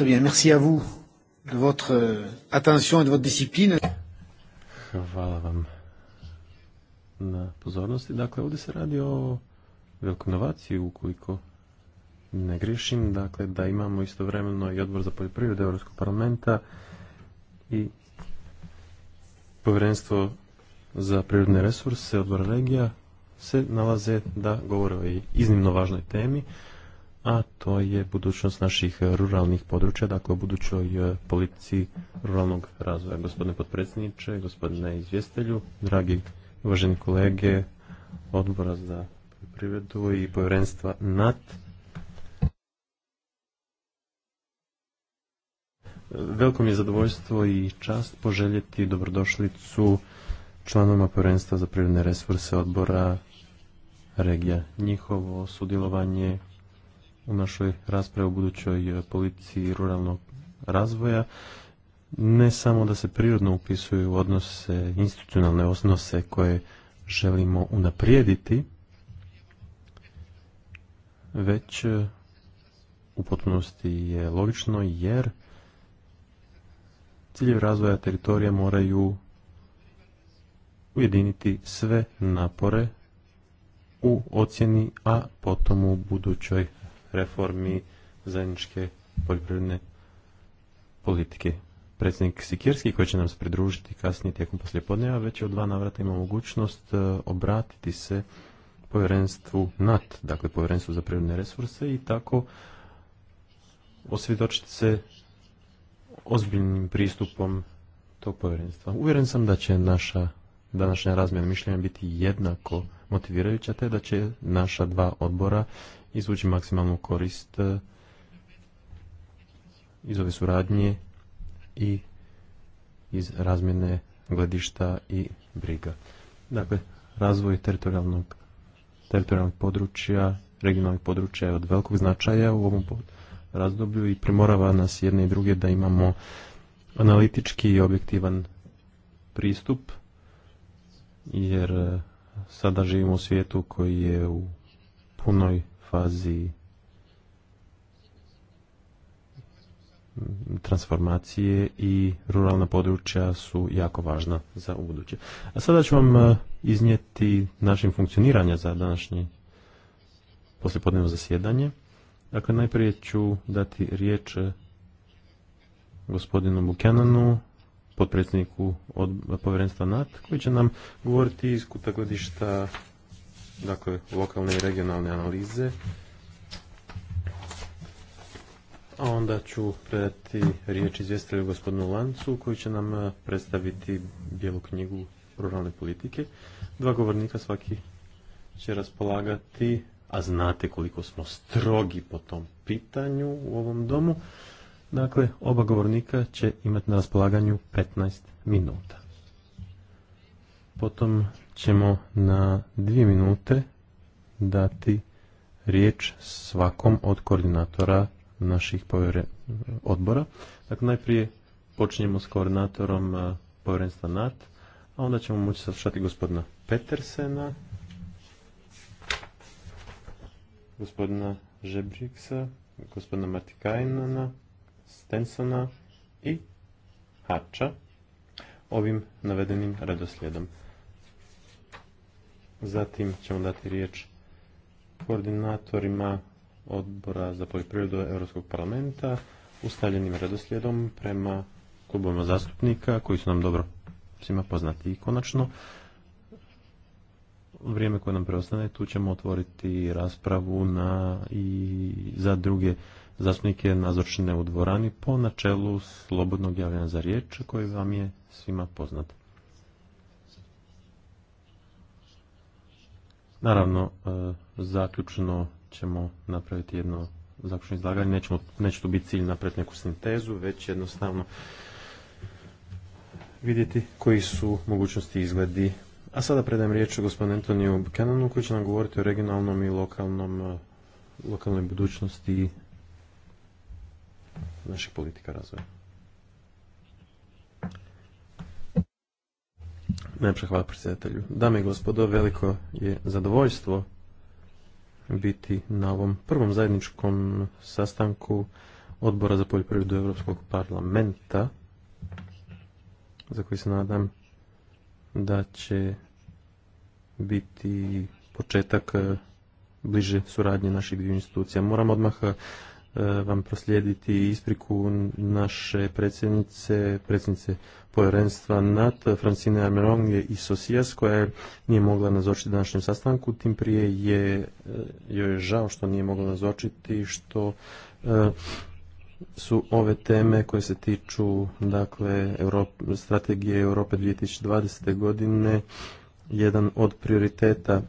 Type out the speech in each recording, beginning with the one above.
Très bien, merci de euh, Hvala vam na pozornosti. Dakle, ovdje se radi o velikoj inovaciji, ukoliko ne grišim. Dakle, da imamo istovremeno i odbor za poljoprivredu Europskog parlamenta i povjerenstvo za prirodne resurse odbor regija se nalaze da govore o iznimno važnoj temi a to je budućnost naših ruralnih područja, dakle o budućoj e, politici ruralnog razvoja. Gospodine potpredsjedniče, gospodine izvjestelju, dragi uvaženi kolege odbora za privredu i povjerenstva NAT, Veliko mi je zadovoljstvo i čast poželjeti dobrodošlicu članoma povjerenstva za prirodne resurse odbora regija. Njihovo sudjelovanje u našoj raspravi o budućoj e, politici ruralnog razvoja ne samo da se prirodno upisuju odnose, institucionalne odnose koje želimo unaprijediti, već e, u potpunosti je logično jer ciljevi razvoja teritorija moraju ujediniti sve napore u ocjeni, a potom u budućoj reformi zajedničke poljoprivredne politike. Predsjednik Sikirski koji će nam se pridružiti kasnije tijekom poslijepodneva već je od dva navrata ima mogućnost e, obratiti se povjerenstvu NAT, dakle povjerenstvu za prirodne resurse i tako osvjedočiti se ozbiljnim pristupom tog povjerenstva. Uvjeren sam da će naša današnja razmjena mišljenja biti jednako motivirajuća, te da će naša dva odbora izvući maksimalnu korist e, iz ove suradnje i iz razmjene gledišta i briga. Dakle, razvoj teritorijalnog, teritorijalnog područja, regionalnih područja je od velikog značaja u ovom razdoblju i primorava nas jedne i druge da imamo analitički i objektivan pristup, jer e, sada živimo u svijetu koji je u punoj fazi transformacije i ruralna područja su jako važna za ubuduće. A sada ću vam e, iznijeti način funkcioniranja za današnje poslijepodnevno zasjedanje. Dakle, najprije ću dati riječ e, gospodinu Buchananu, potpredsjedniku od povjerenstva NAT, koji će nam govoriti iz kuta dakle, lokalne i regionalne analize. A onda ću predati riječ izvjestitelju gospodinu Lancu koji će nam eh, predstaviti bijelu knjigu ruralne politike. Dva govornika svaki će raspolagati, a znate koliko smo strogi po tom pitanju u ovom domu. Dakle, oba govornika će imati na raspolaganju 15 minuta. Potom ćemo na dvije minute dati riječ svakom od koordinatora naših odbora. Dakle, najprije počinjemo s koordinatorom e, povjerenstva NAT, a onda ćemo moći saslušati gospodina Petersena, gospodina Žebriksa, gospodina Martikajnana, Stensona i Hača ovim navedenim redoslijedom. Zatim ćemo dati riječ koordinatorima odbora za poljoprivredu Europskog parlamenta ustavljenim redoslijedom prema klubovima zastupnika koji su nam dobro svima poznati. I konačno, vrijeme koje nam preostane, tu ćemo otvoriti raspravu na i za druge zastupnike nazočne u dvorani po načelu slobodnog javljanja za riječ koji vam je svima poznat. Naravno, e, zaključno ćemo napraviti jedno zaključno izlaganje. Nećemo, neće tu biti cilj napraviti neku sintezu, već jednostavno vidjeti koji su mogućnosti izgledi. A sada predajem riječ o gospodinu Antoniju Buchananu koji će nam govoriti o regionalnom i lokalnom, e, lokalnoj budućnosti naših politika razvoja. Najprej hvala predsjedatelju. Dame i gospodo, veliko je zadovoljstvo biti na ovom prvom zajedničkom sastanku odbora za poljoprivredu Europskog parlamenta, za koji se nadam da će biti početak eh, bliže suradnje naših dviju institucija. Moram odmah eh, E, vam proslijediti ispriku naše predsjednice, predsjednice povjerenstva NAT, Francine Armeronge i Sosijas, koja je, nije mogla nazočiti današnjem sastanku, tim prije je, e, joj je žao što nije mogla nazočiti, što e, su ove teme koje se tiču dakle, Europe, strategije Europe 2020. godine jedan od prioriteta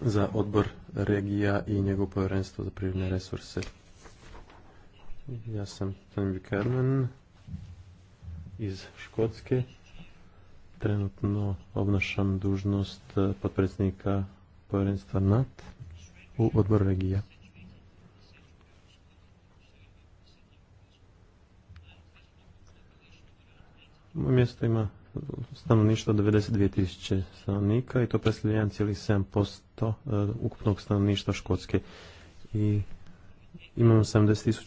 za odbor regija i njegov povjerenstvo za prirodne resurse. Ja sam Tony Buchanan iz Škotske. Trenutno obnašam dužnost e, potpredsjednika povjerenstva NAT u odboru regija. Moje mjesto ima stanovništvo 92.000 stanovnika i to predstavlja 1,7% e, ukupnog stanovništva Škotske. I Imamo šesto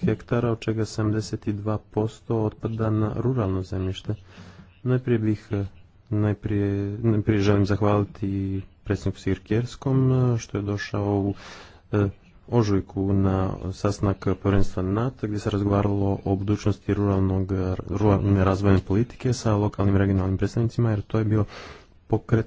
hektara, od čega 72% otpada na ruralno zemljište. Najprije bih, e, najprije, želim zahvaliti predsjedniku Sirkjerskom e, što je došao u e, ožujku na sastanak povjerenstva NATO gdje se razgovaralo o budućnosti ruralnog, ruralne razvojne politike sa lokalnim regionalnim predstavnicima jer to je bio pokret,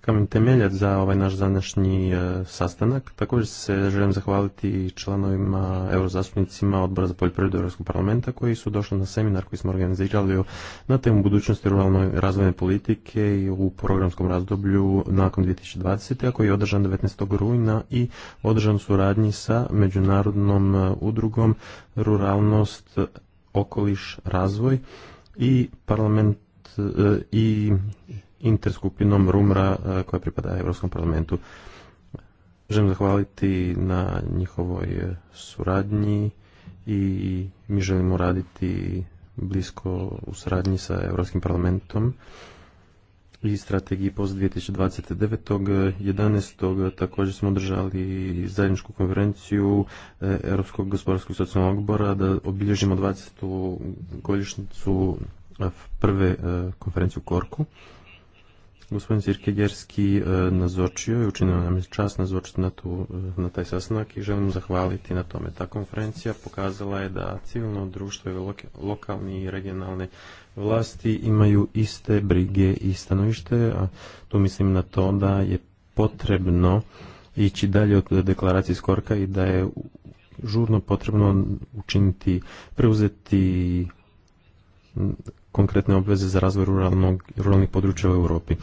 kamen temeljac za ovaj naš današnji e, sastanak. Također se želim zahvaliti članovima, eurozastupnicima Odbora za poljoprivredu Europskog parlamenta koji su došli na seminar koji smo organizirali na temu budućnosti ruralne razvojne politike i u programskom razdoblju nakon 2020. a koji je održan 19. rujna i održan u suradnji sa Međunarodnom e, udrugom Ruralnost, okoliš, razvoj i parlament e, i interskupinom Rumra e, koja pripada Europskom parlamentu. Želim zahvaliti na njihovoj e, suradnji i mi želimo raditi blisko u suradnji sa Europskim parlamentom i strategiji post 2029. 11. E, također smo održali zajedničku konferenciju Europskog gospodarskog socijalnog odbora da obilježimo 20. godišnicu prve konferenciju u Korku. Gospodin Cirkegerski e, nazočio i učinio nam je čast nazočiti na, tu, e, na taj sastanak i želim zahvaliti na tome. Ta konferencija pokazala je da civilno društvo i lokalne i regionalne vlasti imaju iste brige i stanovište, a tu mislim na to da je potrebno ići dalje od deklaracije skorka i da je žurno potrebno učiniti, preuzeti konkretne obveze za razvoj ruralnih područja u Europi.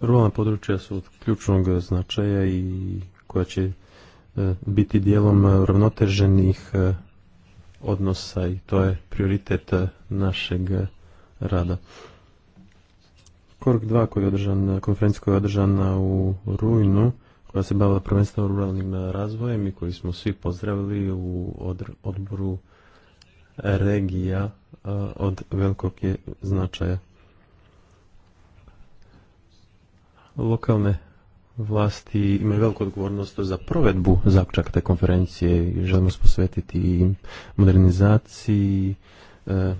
Ruralna područja su od ključnog značaja i koja će e, biti dijelom e, ravnoteženih e, odnosa i to je prioritet našeg rada. KORG 2 koji je održan, konferencija koja je održana u Rujnu, koja se bavila prvenstveno ruralnim razvojem i koji smo svi pozdravili u odboru regija od velikog je značaja. Lokalne vlasti imaju veliku odgovornost za provedbu zapčak te konferencije i želimo se posvetiti modernizaciji e,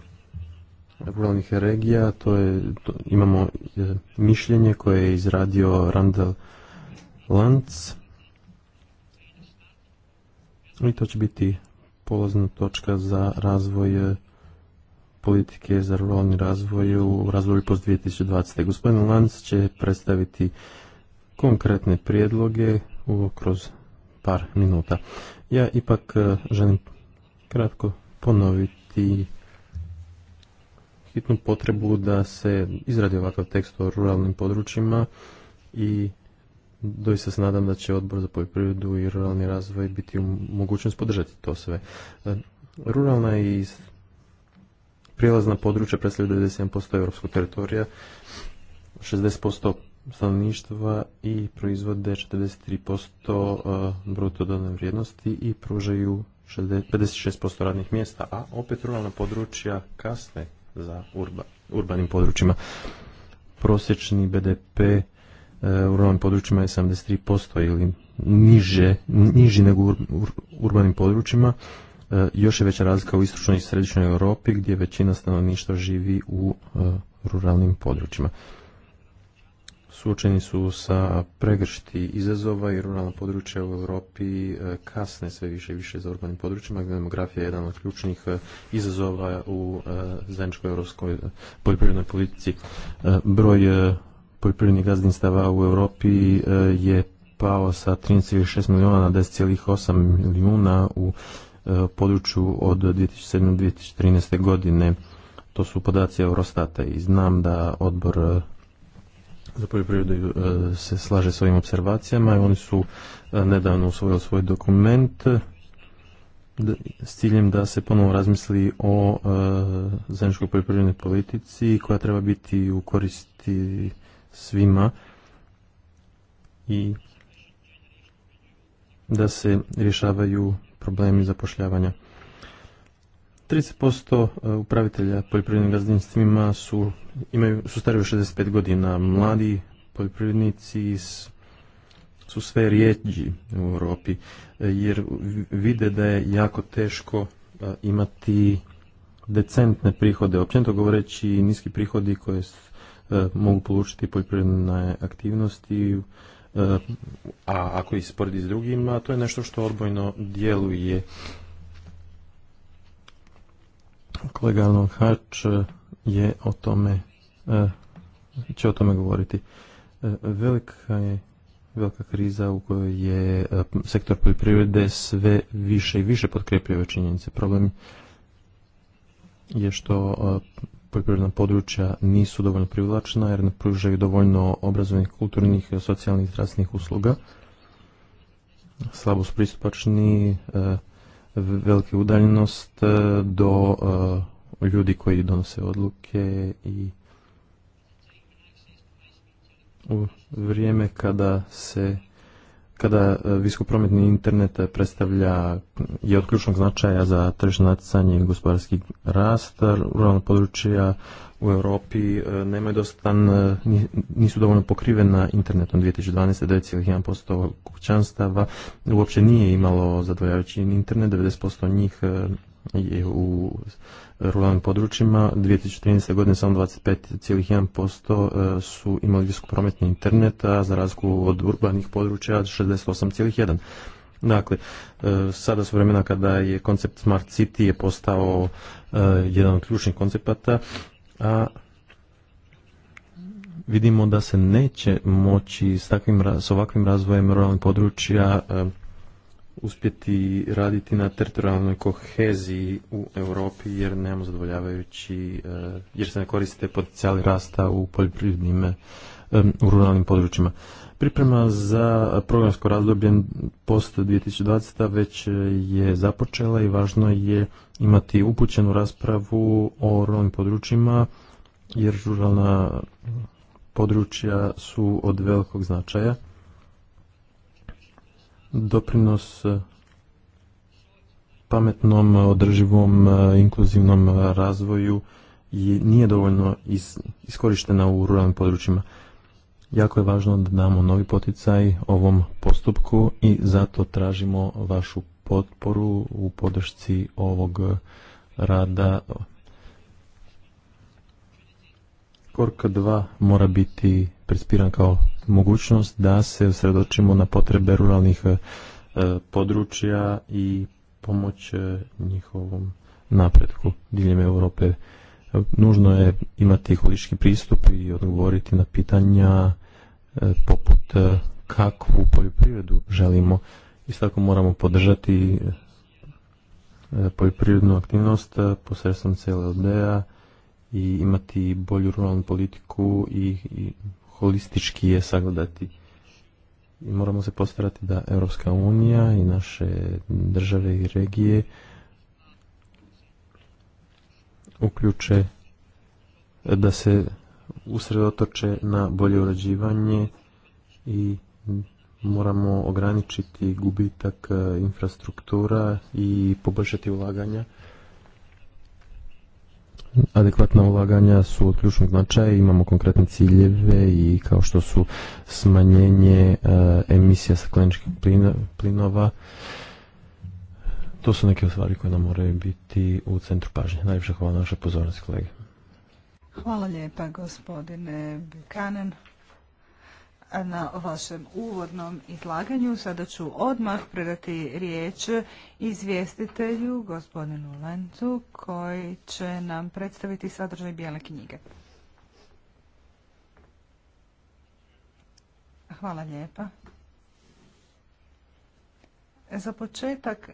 regija. To je, imamo e, mišljenje koje je izradio Randall Lantz i to će biti polazna točka za razvoj e, politike za ruralni razvoj u razvoju post 2020. Gospodin Lanc će predstaviti konkretne prijedloge u, kroz par minuta. Ja ipak e, želim kratko ponoviti hitnu potrebu da se izradi ovakav tekst o ruralnim područjima i doista se nadam da će odbor za poljoprivredu i ruralni razvoj biti u mogućnost podržati to sve. E, ruralna i prijelazna područja predstavljaju 97% europskog teritorija, 60% stanovništva i proizvode 43% e, bruto dodane vrijednosti i pružaju 56% radnih mjesta, a opet ruralna područja kasne za urbanim područjima. Prosječni BDP u ruralnim područjima je 73% ili niže, niži nego u urbanim područjima. E, još je veća razlika u istočnoj i središnjoj Europi gdje većina stanovništva živi u e, ruralnim područjima. Suočeni su sa pregršti izazova i ruralna područja u Europi e, kasne sve više i više za urbanim područjima gdje demografija je jedan od ključnih izazova u zajedničkoj europskoj poljoprivrednoj politici. Broj poljoprivrednih gazdinstava u Europi e, je pao sa 13,6 milijuna na 10,8 milijuna u e, području od 2007. do 2013. godine. To su podaci Eurostata i znam da odbor e, za poljoprivredu se slaže s ovim observacijama i oni su nedavno usvojili svoj dokument s ciljem da se ponovo razmisli o zajedničkoj poljoprivrednoj politici koja treba biti u koristi svima i da se rješavaju problemi zapošljavanja. 30% e, upravitelja poljoprivrednim gazdinstvima su, imaju, su stari 65 godina. Mladi poljoprivrednici su sve rijeđi u Europi e, jer vide da je jako teško e, imati decentne prihode. Općenito govoreći niski prihodi koje E, mogu polučiti poljoprivredne aktivnosti, e, a ako ih sporedi s drugima, to je nešto što odbojno djeluje. Kolega Arnon Hač je o tome, e, će o tome govoriti. Velika je velika kriza u kojoj je sektor poljoprivrede sve više i više potkrepljuje činjenice. Problem je što poljoprivredna područja nisu dovoljno privlačena jer ne pružaju dovoljno obrazovnih, kulturnih, socijalnih i zdravstvenih usluga. Slabost pristupačni, e, velika udaljenost e, do e, ljudi koji donose odluke i u vrijeme kada se kada e, viskoprometni internet predstavlja je od ključnog značaja za tržišno natjecanje i gospodarski rast ruralna područja u Europi e, nemaju dostan, nisu dovoljno pokrivena internetom 2012. 9,1% kućanstava uopće nije imalo zadovoljavajući internet, 90% njih e, je u ruralnim područjima. 2013. godine samo 25,1% e, su imali visokoprometni interneta a za razliku od urbanih područja 68,1%. Dakle, e, sada su vremena kada je koncept Smart City je postao e, jedan od ključnih koncepata, a vidimo da se neće moći s, takvim, s ovakvim razvojem ruralnih područja uspjeti raditi na teritorijalnoj koheziji u Europi jer nemamo zadovoljavajući, e, jer se ne koriste potencijali rasta u poljoprivrednim e, u ruralnim područjima. Priprema za programsko razdoblje post 2020. već je započela i važno je imati upućenu raspravu o ruralnim područjima jer ruralna područja su od velikog značaja doprinos e, pametnom, e, održivom, e, inkluzivnom razvoju nije dovoljno iskorištena u ruralnim područjima. Jako je važno da damo novi poticaj ovom postupku i zato tražimo vašu potporu u podršci ovog rada. Korka 2 mora biti prespiran kao mogućnost da se sredočimo na potrebe ruralnih e, područja i pomoć e, njihovom napretku diljem Europe. Nužno je imati holički pristup i odgovoriti na pitanja e, poput kakvu poljoprivredu želimo. i tako moramo podržati poljoprivrednu aktivnost posredstvom CLD-a i imati bolju ruralnu politiku i holistički je sagledati i moramo se postarati da Europska unija i naše države i regije uključe da se usredotoče na bolje urađivanje i moramo ograničiti gubitak eh, infrastruktura i poboljšati ulaganja adekvatna ulaganja su od ključnog značaja, imamo konkretne ciljeve i kao što su smanjenje e, emisija stakleničkih plinova, to su neke stvari koje nam moraju biti u centru pažnje. Najljepša hvala na pozornosti, kolege. Hvala lijepa, gospodine Buchanan na vašem uvodnom izlaganju. Sada ću odmah predati riječ izvjestitelju, gospodinu Lencu, koji će nam predstaviti sadržaj bijele knjige. Hvala lijepa. Za početak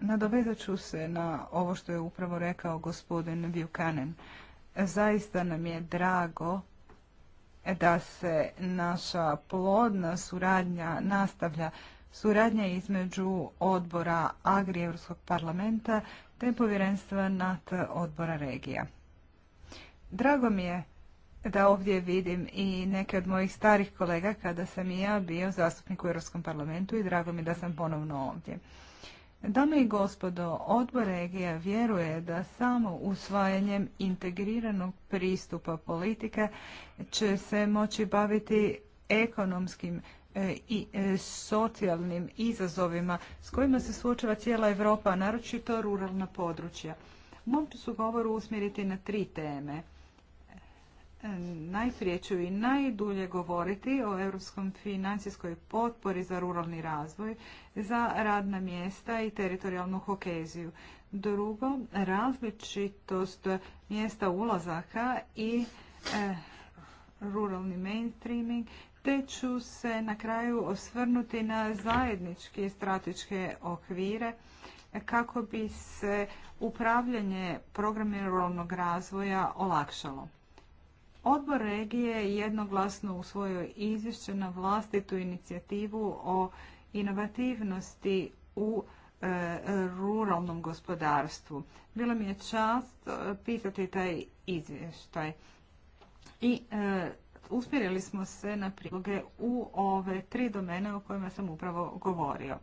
nadovezat ću se na ovo što je upravo rekao gospodin Vjukanen. Zaista nam je drago da se naša plodna suradnja nastavlja. Suradnja između odbora Agri Europskog parlamenta te povjerenstva nad odbora regija. Drago mi je da ovdje vidim i neke od mojih starih kolega kada sam i ja bio zastupnik u Europskom parlamentu i drago mi da sam ponovno ovdje. Dame i gospodo, odbor regija vjeruje da samo usvajanjem integriranog pristupa politike će se moći baviti ekonomskim e, i e, socijalnim izazovima s kojima se suočava cijela Europa, naročito ruralna područja. Mom ću su govoru usmjeriti na tri teme. Najprije ću i najdulje govoriti o europskom financijskoj potpori za ruralni razvoj, za radna mjesta i teritorijalnu hokeziju. Drugo, različitost mjesta ulazaka i e, ruralni mainstreaming, te ću se na kraju osvrnuti na zajedničke strateške okvire kako bi se upravljanje programe ruralnog razvoja olakšalo. Odbor regije jednoglasno usvojio izvješće na vlastitu inicijativu o inovativnosti u e, ruralnom gospodarstvu. Bilo mi je čast e, pitati taj izvještaj. I e, smo se na priloge u ove tri domene o kojima sam upravo govorio.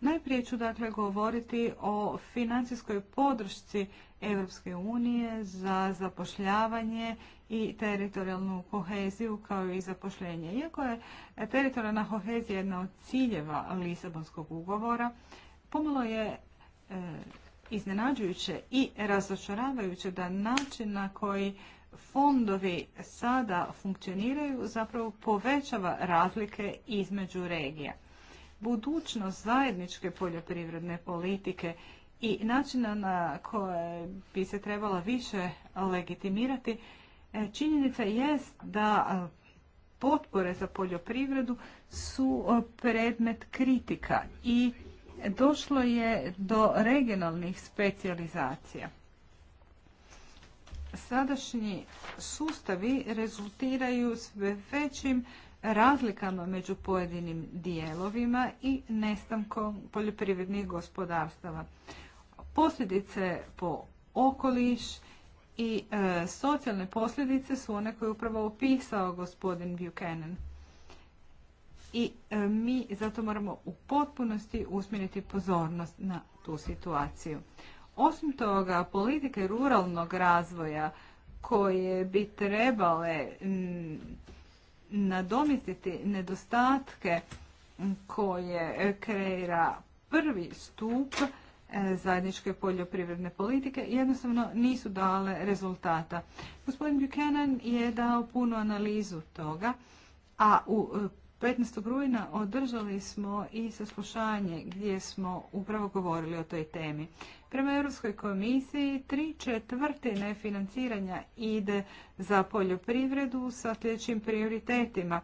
Najprije ću dakle govoriti o financijskoj podršci Europske unije za zapošljavanje i teritorijalnu koheziju kao i zapošljenje. Iako je teritorijalna kohezija jedna od ciljeva Lisabonskog ugovora, pomalo je e, iznenađujuće i razočaravajuće da način na koji fondovi sada funkcioniraju zapravo povećava razlike između regija. Budućnost zajedničke poljoprivredne politike i načina na koje bi se trebala više legitimirati, e, činjenica jest da e, potpore za poljoprivredu su e, predmet kritika i došlo je do regionalnih specijalizacija. Sadašnji sustavi rezultiraju sve većim razlikama među pojedinim dijelovima i nestankom poljoprivrednih gospodarstava posljedice po okoliš i e, socijalne posljedice su one koje je upravo opisao gospodin Buchanan. I e, mi zato moramo u potpunosti usmjeriti pozornost na tu situaciju. Osim toga, politike ruralnog razvoja koje bi trebale m, nedostatke koje kreira prvi stup E, zajedničke poljoprivredne politike jednostavno nisu dale rezultata. Gospodin Buchanan je dao punu analizu toga, a u 15. E, rujna održali smo i saslušanje gdje smo upravo govorili o toj temi. Prema Europskoj komisiji tri četvrtine financiranja ide za poljoprivredu sa sljedećim prioritetima.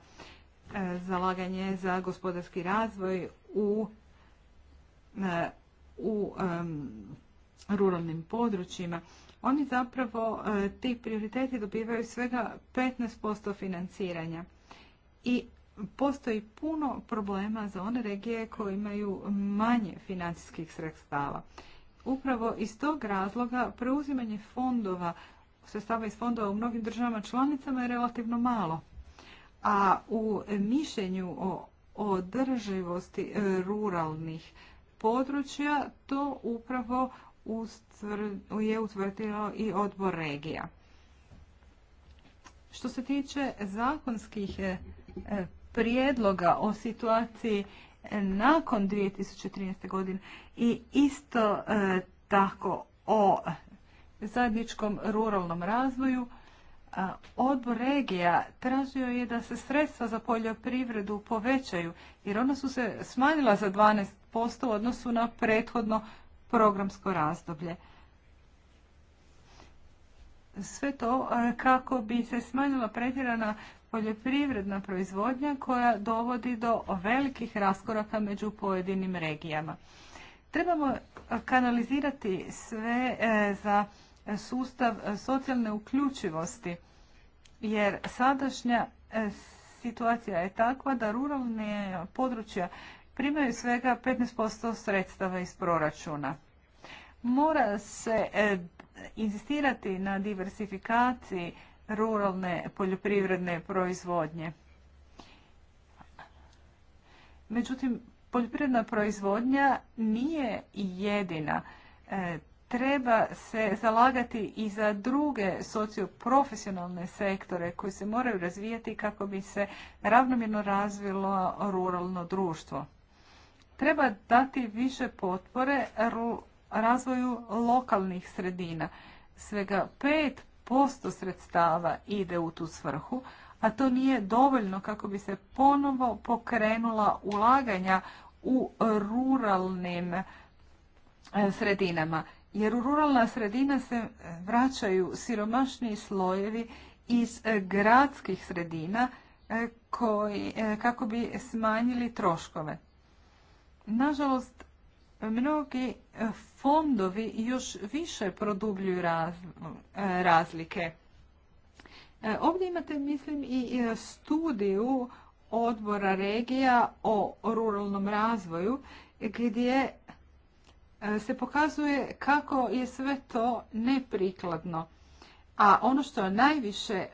E, zalaganje za gospodarski razvoj u u ruralnim područjima, oni zapravo e, ti prioriteti dobivaju svega 15% financiranja. I postoji puno problema za one regije koje imaju manje financijskih sredstava. Upravo iz tog razloga preuzimanje fondova, sredstava iz fondova u mnogim državama članicama je relativno malo. A u mišljenju o održivosti ruralnih područja, to upravo je utvrdio i odbor regija. Što se tiče zakonskih e, prijedloga o situaciji e, nakon 2013. godine i isto e, tako o zajedničkom ruralnom razvoju, Odbor regija tražio je da se sredstva za poljoprivredu povećaju jer ona su se smanjila za 12 u odnosu na prethodno programsko razdoblje. Sve to e, kako bi se smanjila pretjerana poljoprivredna proizvodnja koja dovodi do velikih raskoraka među pojedinim regijama. Trebamo e, kanalizirati sve e, za sustav socijalne uključivosti jer sadašnja situacija je takva da ruralne područja primaju svega 15% sredstava iz proračuna. Mora se insistirati e, inzistirati na diversifikaciji ruralne poljoprivredne proizvodnje. Međutim, poljoprivredna proizvodnja nije jedina. E, treba se zalagati i za druge socioprofesionalne sektore koji se moraju razvijati kako bi se ravnomjerno razvilo ruralno društvo. Treba dati više potpore razvoju lokalnih sredina. Svega 5% sredstava ide u tu svrhu, a to nije dovoljno kako bi se ponovo pokrenula ulaganja u ruralnim e, sredinama. Jer u ruralna sredina se vraćaju siromašni slojevi iz e, gradskih sredina e, kako bi smanjili troškove. Nažalost, mnogi e, fondovi još više produbljuju e, razlike. E, ovdje imate, mislim, i studiju odbora regija o ruralnom razvoju gdje se pokazuje kako je sve to neprikladno. A ono što najviše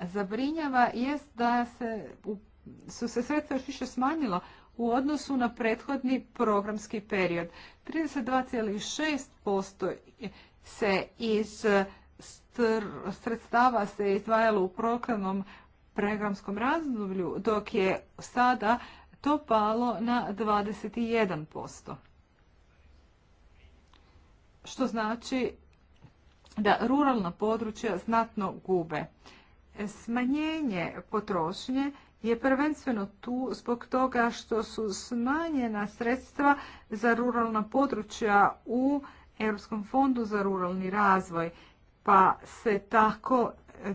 zabrinjava jest da se, su se sredstva još više smanjilo u odnosu na prethodni programski period. 32,6% se iz sredstava se izdvajalo u programnom programskom razdoblju, dok je sada to palo na 21%. Što znači da ruralna područja znatno gube. Smanjenje potrošnje je prvenstveno tu zbog toga što su smanjena sredstva za ruralna područja u Europskom fondu za ruralni razvoj, pa se tako e,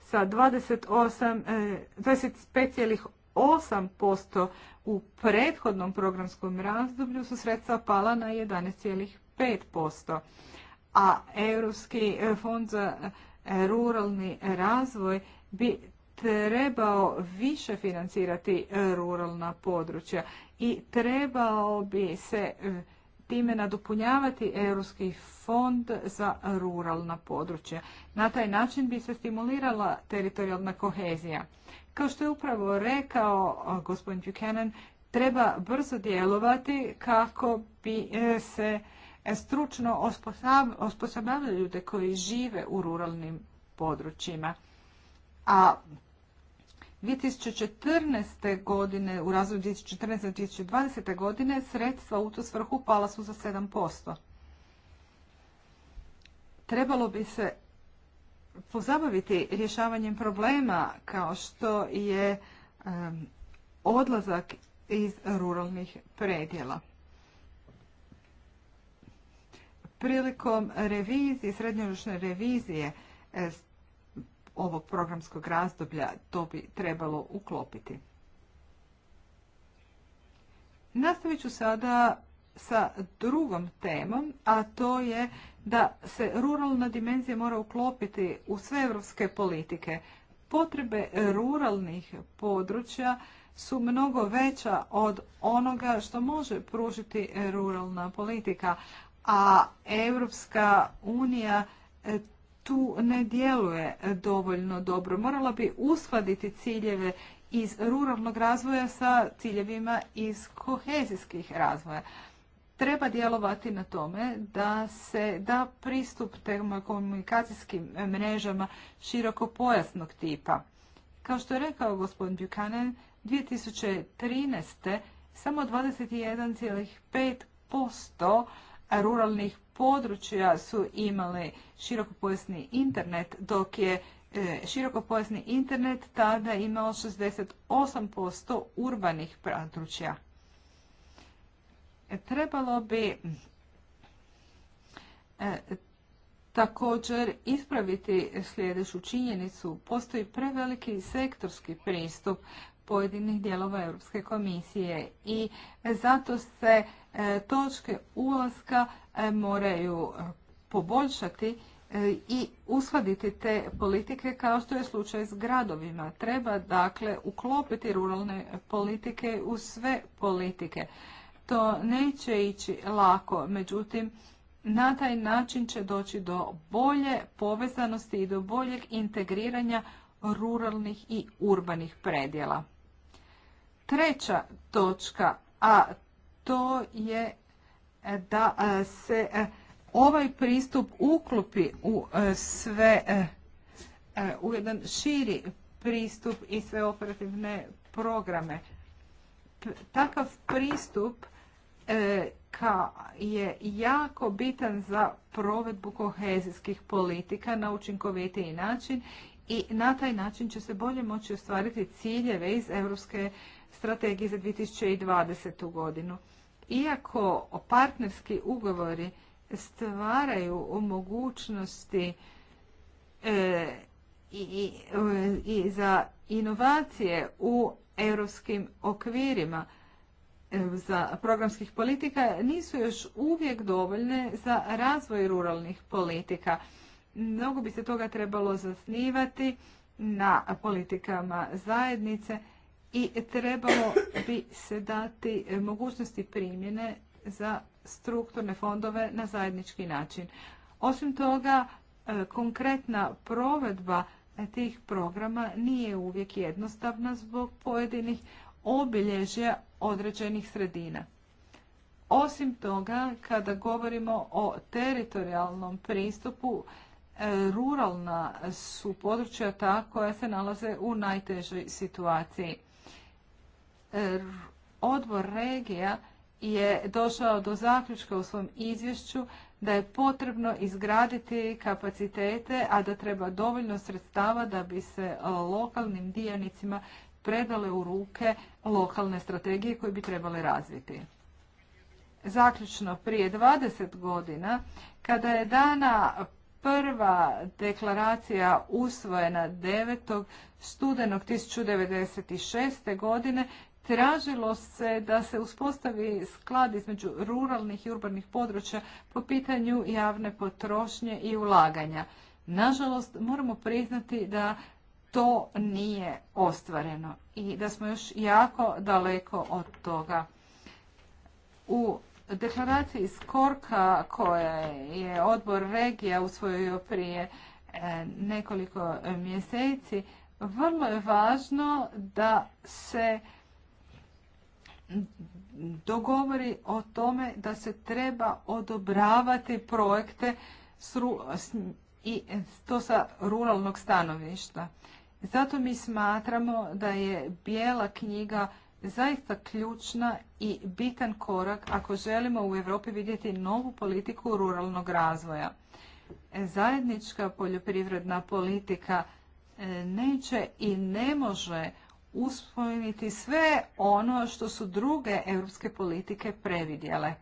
sa 25,8% e, u prethodnom programskom razdoblju su sredstva pala na 11,5%, a Europski fond za ruralni razvoj bi trebao više financirati e, ruralna područja i trebao bi se e, time nadopunjavati Europski fond za ruralna područja. Na taj način bi se stimulirala teritorijalna kohezija. Kao što je upravo rekao e, gospodin Buchanan, treba brzo djelovati kako bi se stručno osposobljavali ljude koji žive u ruralnim područjima. A 2014. godine, u razvoju 2014. 2020. godine, sredstva u tu svrhu pala su za 7%. Trebalo bi se pozabaviti rješavanjem problema kao što je odlazak iz ruralnih predjela. Prilikom revizije, srednjoročne revizije ovog programskog razdoblja to bi trebalo uklopiti. Nastavit ću sada sa drugom temom, a to je da se ruralna dimenzija mora uklopiti u sve evropske politike. Potrebe ruralnih područja su mnogo veća od onoga što može pružiti ruralna politika, a Evropska unija tu ne djeluje dovoljno dobro. Morala bi uskladiti ciljeve iz ruralnog razvoja sa ciljevima iz kohezijskih razvoja. Treba djelovati na tome da se da pristup komunikacijskim mrežama širokopojasnog tipa. Kao što je rekao gospodin Buchanan, 2013. samo 21,5% ruralnih područja su imali širokopojasni internet, dok je e, širokopojasni internet tada imao 68% urbanih područja. E, trebalo bi e, također ispraviti sljedeću činjenicu. Postoji preveliki sektorski pristup pojedinih dijelova Europske komisije i zato se E, točke ulaska e, moraju e, poboljšati i uskladiti te politike kao što je slučaj s gradovima. Treba dakle uklopiti ruralne politike u sve politike. To neće ići lako, međutim na taj način će doći do bolje povezanosti i do boljeg integriranja ruralnih i urbanih predjela. Treća točka, a to je e, da e, se e, ovaj pristup uklopi u sve u jedan širi pristup i sve operativne programe. Takav pristup ka je jako bitan za provedbu kohezijskih politika na učinkovitiji način i na taj način će se bolje moći ostvariti ciljeve iz Europske strategiji za 2020. godinu. Iako partnerski ugovori stvaraju mogućnosti e, e, i za inovacije u europskim okvirima e, za programskih politika nisu još uvijek dovoljne za razvoj ruralnih politika. Mnogo bi se toga trebalo zasnivati na politikama zajednice i trebalo bi se dati e, mogućnosti primjene za strukturne fondove na zajednički način. Osim toga, e, konkretna provedba e, tih programa nije uvijek jednostavna zbog pojedinih obilježja određenih sredina. Osim toga, kada govorimo o teritorijalnom pristupu, ruralna su područja ta koja se nalaze u najtežoj situaciji. Odbor regija je došao do zaključka u svom izvješću da je potrebno izgraditi kapacitete, a da treba dovoljno sredstava da bi se lokalnim dionicima predale u ruke lokalne strategije koje bi trebale razviti. Zaključno, prije 20 godina, kada je dana prva deklaracija usvojena 9. studenog 1996. godine, tražilo se da se uspostavi sklad između ruralnih i urbanih područja po pitanju javne potrošnje i ulaganja. Nažalost, moramo priznati da to nije ostvareno i da smo još jako daleko od toga. U deklaraciji iz Korka je odbor regija usvojio prije e, nekoliko mjeseci, vrlo je važno da se dogovori o tome da se treba odobravati projekte i to sa ruralnog stanovišta. Zato mi smatramo da je bijela knjiga zaista ključna i bitan korak ako želimo u Europi vidjeti novu politiku ruralnog razvoja. Zajednička poljoprivredna politika e, neće i ne može uspojiti sve ono što su druge europske politike previdjele.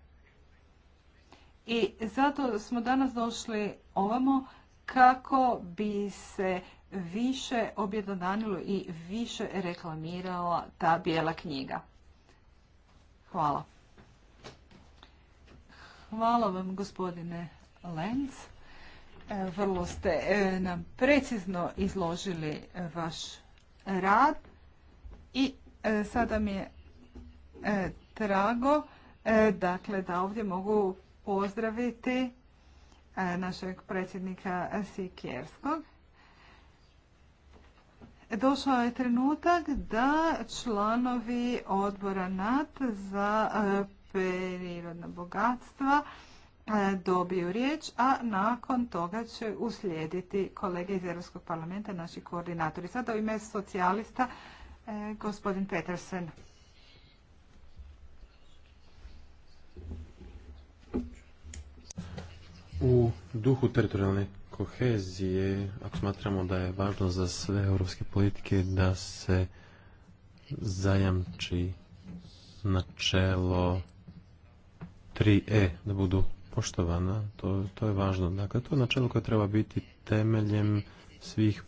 I zato smo danas došli ovamo kako bi se više objedodanilo i više reklamirala ta bijela knjiga. Hvala. Hvala vam gospodine Lenz. Vrlo ste e, nam precizno izložili vaš rad. I e, sada mi je e, drago, trago e, dakle da ovdje mogu pozdraviti našeg predsjednika Sikjerskog. Došao je trenutak da članovi odbora NAT za prirodna bogatstva dobiju riječ, a nakon toga će uslijediti kolege iz Europskog parlamenta, naši koordinatori. Sada u ime socijalista E, gospodin Petersen. U duhu teritorijalne kohezije, ako smatramo da je važno za sve europske politike da se zajamči načelo 3E, da budu poštovana, to, to je važno. Dakle, to je načelo koje treba biti temeljem svih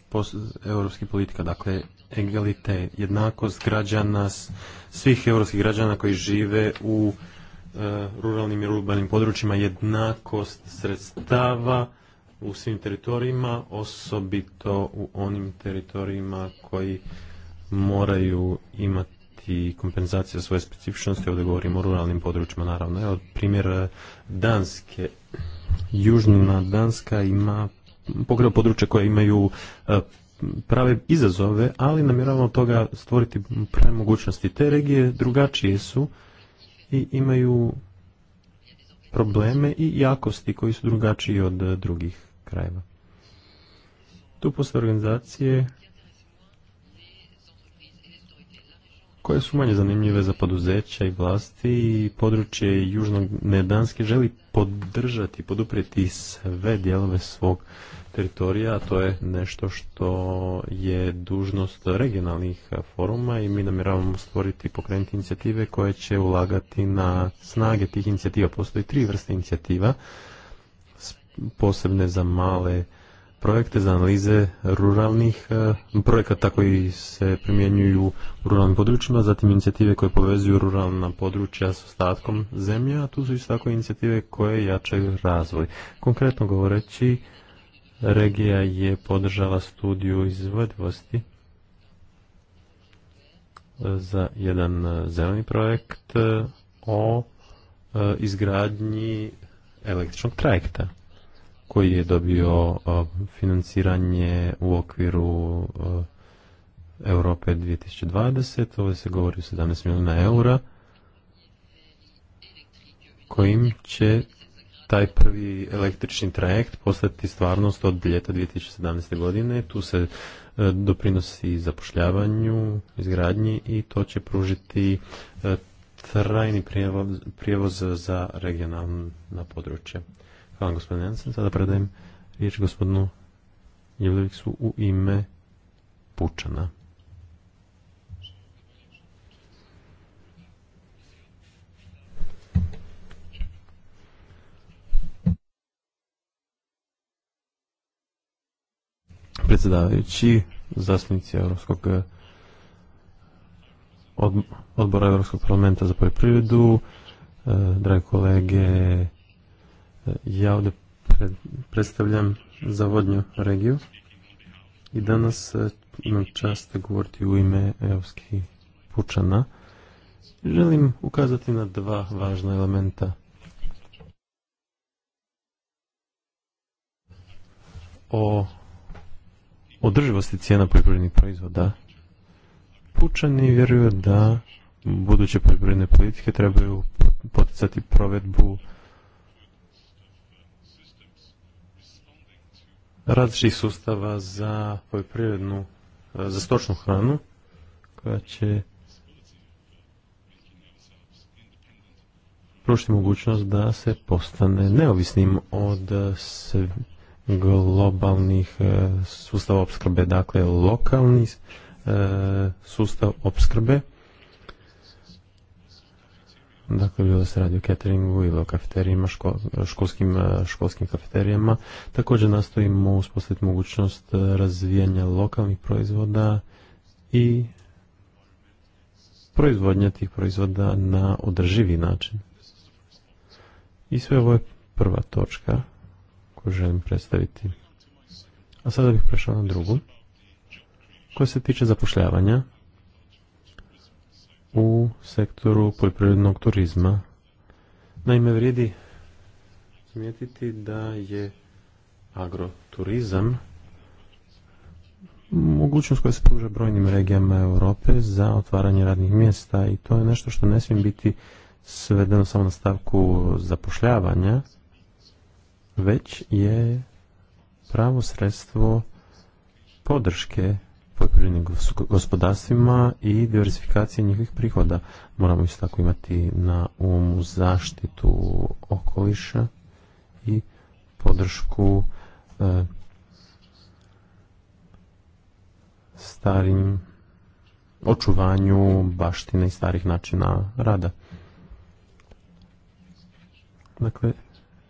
europskih politika, dakle egalite, jednakost građana, svih europskih građana koji žive u e, ruralnim i urbanim područjima, jednakost sredstava u svim teritorijima, osobito u onim teritorijima koji moraju imati kompenzaciju svoje specifičnosti, ovdje govorimo o ruralnim područjima naravno. Evo primjer e, Danske, Južna Danska ima pokreo područja koja imaju e, prave izazove, ali namjeravamo toga stvoriti prave mogućnosti. Te regije drugačije su i imaju probleme i jakosti koji su drugačiji od drugih krajeva. Tu postoje organizacije koje su manje zanimljive za poduzeća i vlasti i područje Južnog Nedanske želi podržati, poduprijeti sve dijelove svog teritorija, a to je nešto što je dužnost regionalnih foruma i mi namjeravamo stvoriti pokrenuti inicijative koje će ulagati na snage tih inicijativa. Postoji tri vrste inicijativa, posebne za male projekte za analize ruralnih e, projekata koji se primjenjuju u ruralnim područjima, zatim inicijative koje povezuju ruralna područja s ostatkom zemlje, a tu su isto tako inicijative koje jačaju razvoj. Konkretno govoreći, regija je podržala studiju izvedivosti e, za jedan zeleni projekt e, o izgradnji električnog trajekta koji je dobio financiranje u okviru Europe 2020. Ovdje se govori o 17 milijuna eura kojim će taj prvi električni trajekt postati stvarnost od ljeta 2017. godine. Tu se e, doprinosi zapošljavanju, izgradnji i to će pružiti e, trajni prijevoz za regionalna područja. Hvala gospodine Jansen. Sada predajem riječ gospodinu Jevljeviksu u ime Pučana. predsjedavajući zastupnici Europskog eh, odbora Europskog parlamenta za poljoprivredu, eh, drage kolege ja ovdje predstavljam zavodnju regiju i danas e, imam čast govoriti u ime europskih pučana. Želim ukazati na dva važna elementa. O održivosti cijena poljoprivrednih proizvoda. Pučani vjeruju da buduće poljoprivredne politike trebaju poticati provedbu različitih sustava za poljoprivrednu, e, za stočnu hranu koja će pružiti mogućnost da se postane neovisnim od globalnih e, sustava opskrbe, dakle lokalni e, sustav opskrbe Dakle, bilo se radi o cateringu ili o kafeterijima, školskim, e, školskim kafeterijama. Također nastojimo uspostaviti mogućnost e, razvijanja lokalnih proizvoda i proizvodnja tih proizvoda na održivi način. I sve ovo je prva točka koju želim predstaviti. A sada bih prešao na drugu, koja se tiče zapošljavanja u sektoru poljoprivrednog turizma. Naime, vrijedi smijetiti da je agroturizam mogućnost koja se pruža brojnim regijama Europe za otvaranje radnih mjesta i to je nešto što ne smije biti svedeno samo na stavku zapošljavanja, već je pravo sredstvo podrške poljoprivrednim gospodarstvima i diversifikacije njihovih prihoda. Moramo isto tako imati na umu zaštitu okoliša i podršku e, starim očuvanju baštine i starih načina rada. Dakle,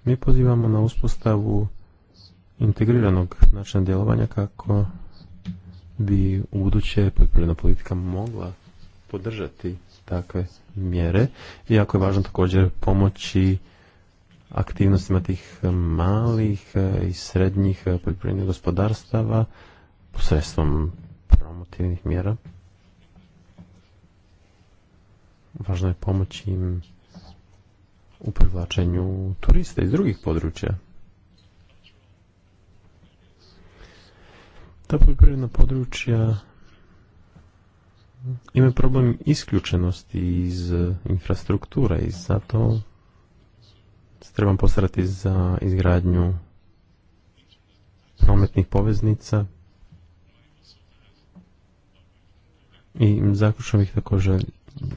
mi pozivamo na uspostavu integriranog načina djelovanja kako bi u buduće poljoprivredna politika mogla podržati takve mjere. Iako je važno također pomoći aktivnostima tih malih i srednjih poljoprivrednih gospodarstava posredstvom promotivnih mjera. Važno je pomoći im u privlačenju turista iz drugih područja. Ta poljoprivredna područja imaju problem isključenosti iz e, infrastruktura i zato se trebam postarati za izgradnju prometnih poveznica i zaključno bih također,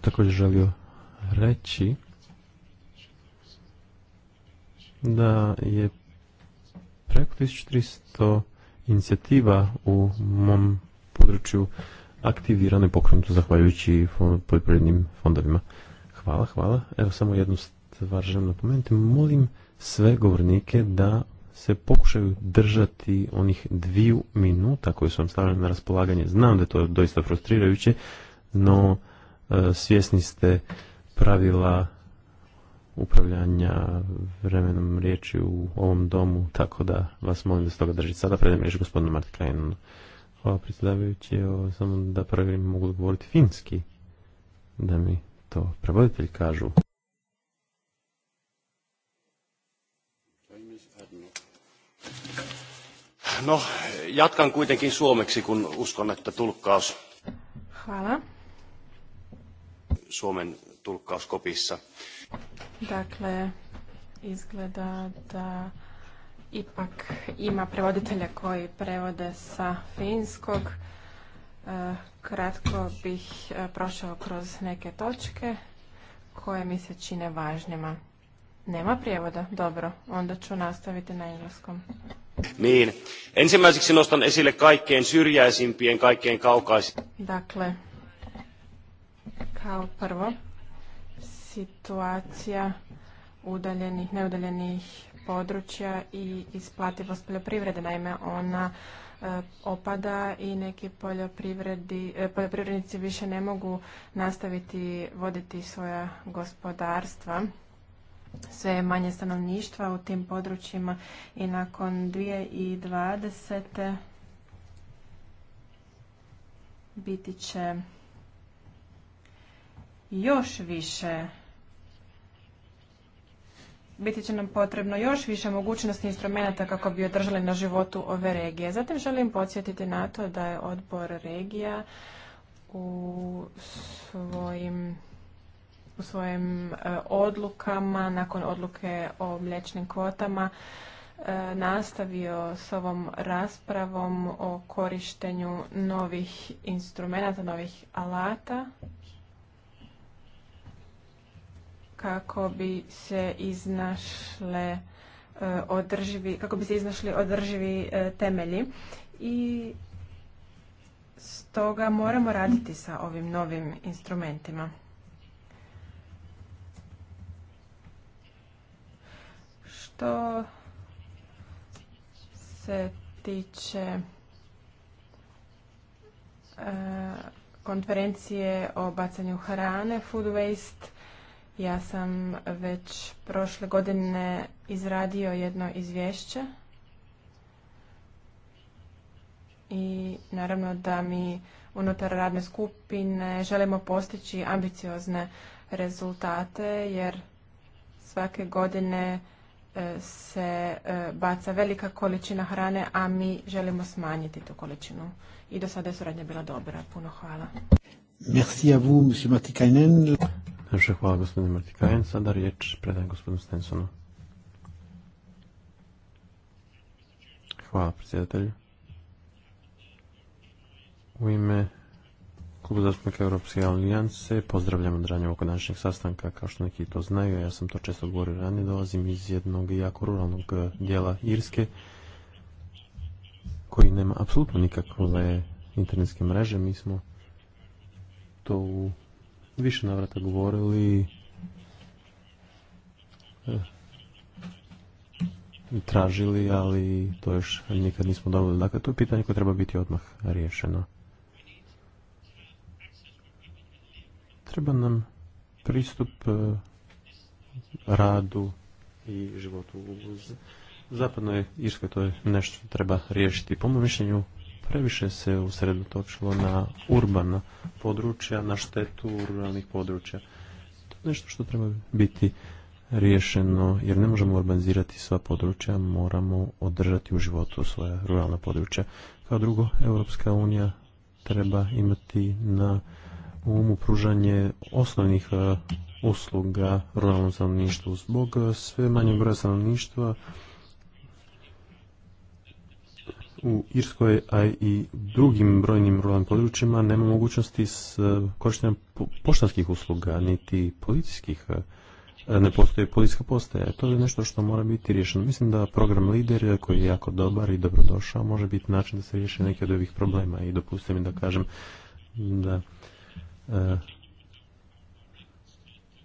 također želio reći da je preko 1300 inicijativa u mom području aktivirana i pokrenuto zahvaljujući poljoprivrednim fondovima. Hvala, hvala. Evo samo jednu stvar želim napomenuti. Molim sve govornike da se pokušaju držati onih dviju minuta koje su vam stavljene na raspolaganje. Znam da je to doista frustrirajuće, no e, svjesni ste pravila upravljanja vremenom riječi u ovom domu, tako da vas molim da se toga držite. Sada predam riječ gospodinu Martikajnu. Hvala predsjedavajući, samo da provjerim mogu govoriti finski, da mi to prevoditelj kažu. No, jatkan kuitenkin suomeksi, kun uskon, että tulkkaus... Hvala. Suomen tulkkauskopissa. kopissa Dakle, izgleda da ipak ima prevoditelja koji prevode sa finskog. E, kratko bih e, prošao kroz neke točke koje mi se čine važnima. Nema prijevoda? Dobro, onda ću nastaviti na engleskom. Niin. Ensimmäiseksi nostan esille kaikkein syrjäisimpien, kaikkein kaukaisimpien. Dakle, kao prvo, situacija udaljenih, neudaljenih područja i isplativost poljoprivrede. Naime, ona e, opada i neki e, poljoprivrednici više ne mogu nastaviti voditi svoja gospodarstva. Sve je manje stanovništva u tim područjima i nakon 2020. biti će još više biti će nam potrebno još više mogućnosti instrumenta kako bi održali na životu ove regije. Zatim želim podsjetiti na to da je odbor regija u svojim u svojim e, odlukama, nakon odluke o mlječnim kvotama, e, nastavio s ovom raspravom o korištenju novih instrumenata, novih alata kako bi se iznašle e, održivi, kako bi se iznašli održivi e, temelji i stoga moramo raditi sa ovim novim instrumentima. Što se tiče e, konferencije o bacanju hrane, food waste, ja sam već prošle godine izradio jedno izvješće i naravno da mi unutar radne skupine želimo postići ambiciozne rezultate jer svake godine e, se e, baca velika količina hrane, a mi želimo smanjiti tu količinu. I do sada je suradnja bila dobra. Puno hvala. Najviše hvala gospodine Martikajan. Mm. Sada riječ predajem gospodinu Stensonu. Hvala predsjedatelju. U ime Klubu zastupnika Europske alijanse pozdravljam ranje ovog današnjeg sastanka. Kao što neki to znaju, ja sam to često govorio ranije, dolazim iz jednog jako ruralnog e, dijela Irske koji nema apsolutno nikakve internetske mreže. Mi smo to u više navrata govorili eh, tražili, ali to još nikad nismo dobili. Dakle, to je pitanje koje treba biti odmah riješeno. Treba nam pristup eh, radu i životu u zapadnoj Irskoj. To je nešto treba riješiti. Po mom mišljenju, previše se usredotočilo na urbana područja, na štetu ruralnih područja. To je nešto što treba biti riješeno, jer ne možemo urbanizirati sva područja, moramo održati u životu svoja ruralna područja. Kao drugo, Europska unija treba imati na umu pružanje osnovnih e, usluga ruralnom stanovništvu. Zbog sve manje broja stanovništva, u Irskoj, a i drugim brojnim ruralnim područjima nema mogućnosti s e, korištenjem poštanskih usluga, niti policijskih, e, ne postoji policijska postaja. To je nešto što mora biti riješeno. Mislim da program Lider, e, koji je jako dobar i dobrodošao, može biti način da se riješe neki od ovih problema. I dopustite mi da kažem da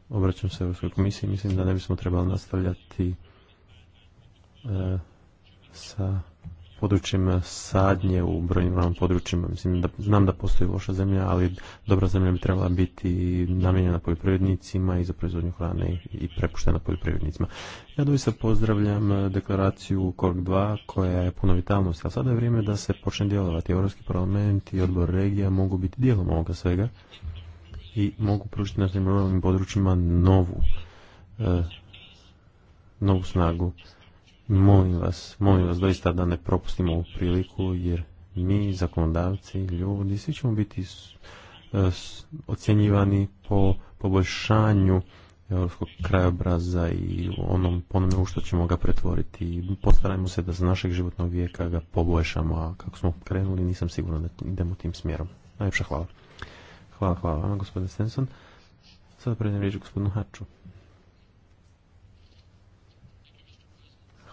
obraćam se Europskoj komisiji, mislim da ne bismo trebali nastavljati sa područjima sadnje, u brojnim ruralnim područjima. Mislim da znam da postoji loša zemlja, ali dobra zemlja bi trebala biti namijenjena poljoprivrednicima i za proizvodnju hrane i prepuštena poljoprivrednicima. Ja doista pozdravljam deklaraciju KORG 2 koja je puno vitalnosti, a sada je vrijeme da se počne djelovati. Europski parlament i odbor regija mogu biti dijelom ovoga svega i mogu pružiti na tim ruralnim područjima novu, eh, novu snagu. Molim vas, molim vas doista da ne propustimo ovu priliku jer mi, zakonodavci, ljudi, svi ćemo biti e, ocjenjivani po poboljšanju europskog krajobraza i onom ponome u što ćemo ga pretvoriti postarajmo se da za našeg životnog vijeka ga poboljšamo, a kako smo krenuli nisam siguran da idemo tim smjerom. Najljepša hvala. Hvala, hvala vama, gospodine Stenson. Sada predajem riječ gospodinu Haču.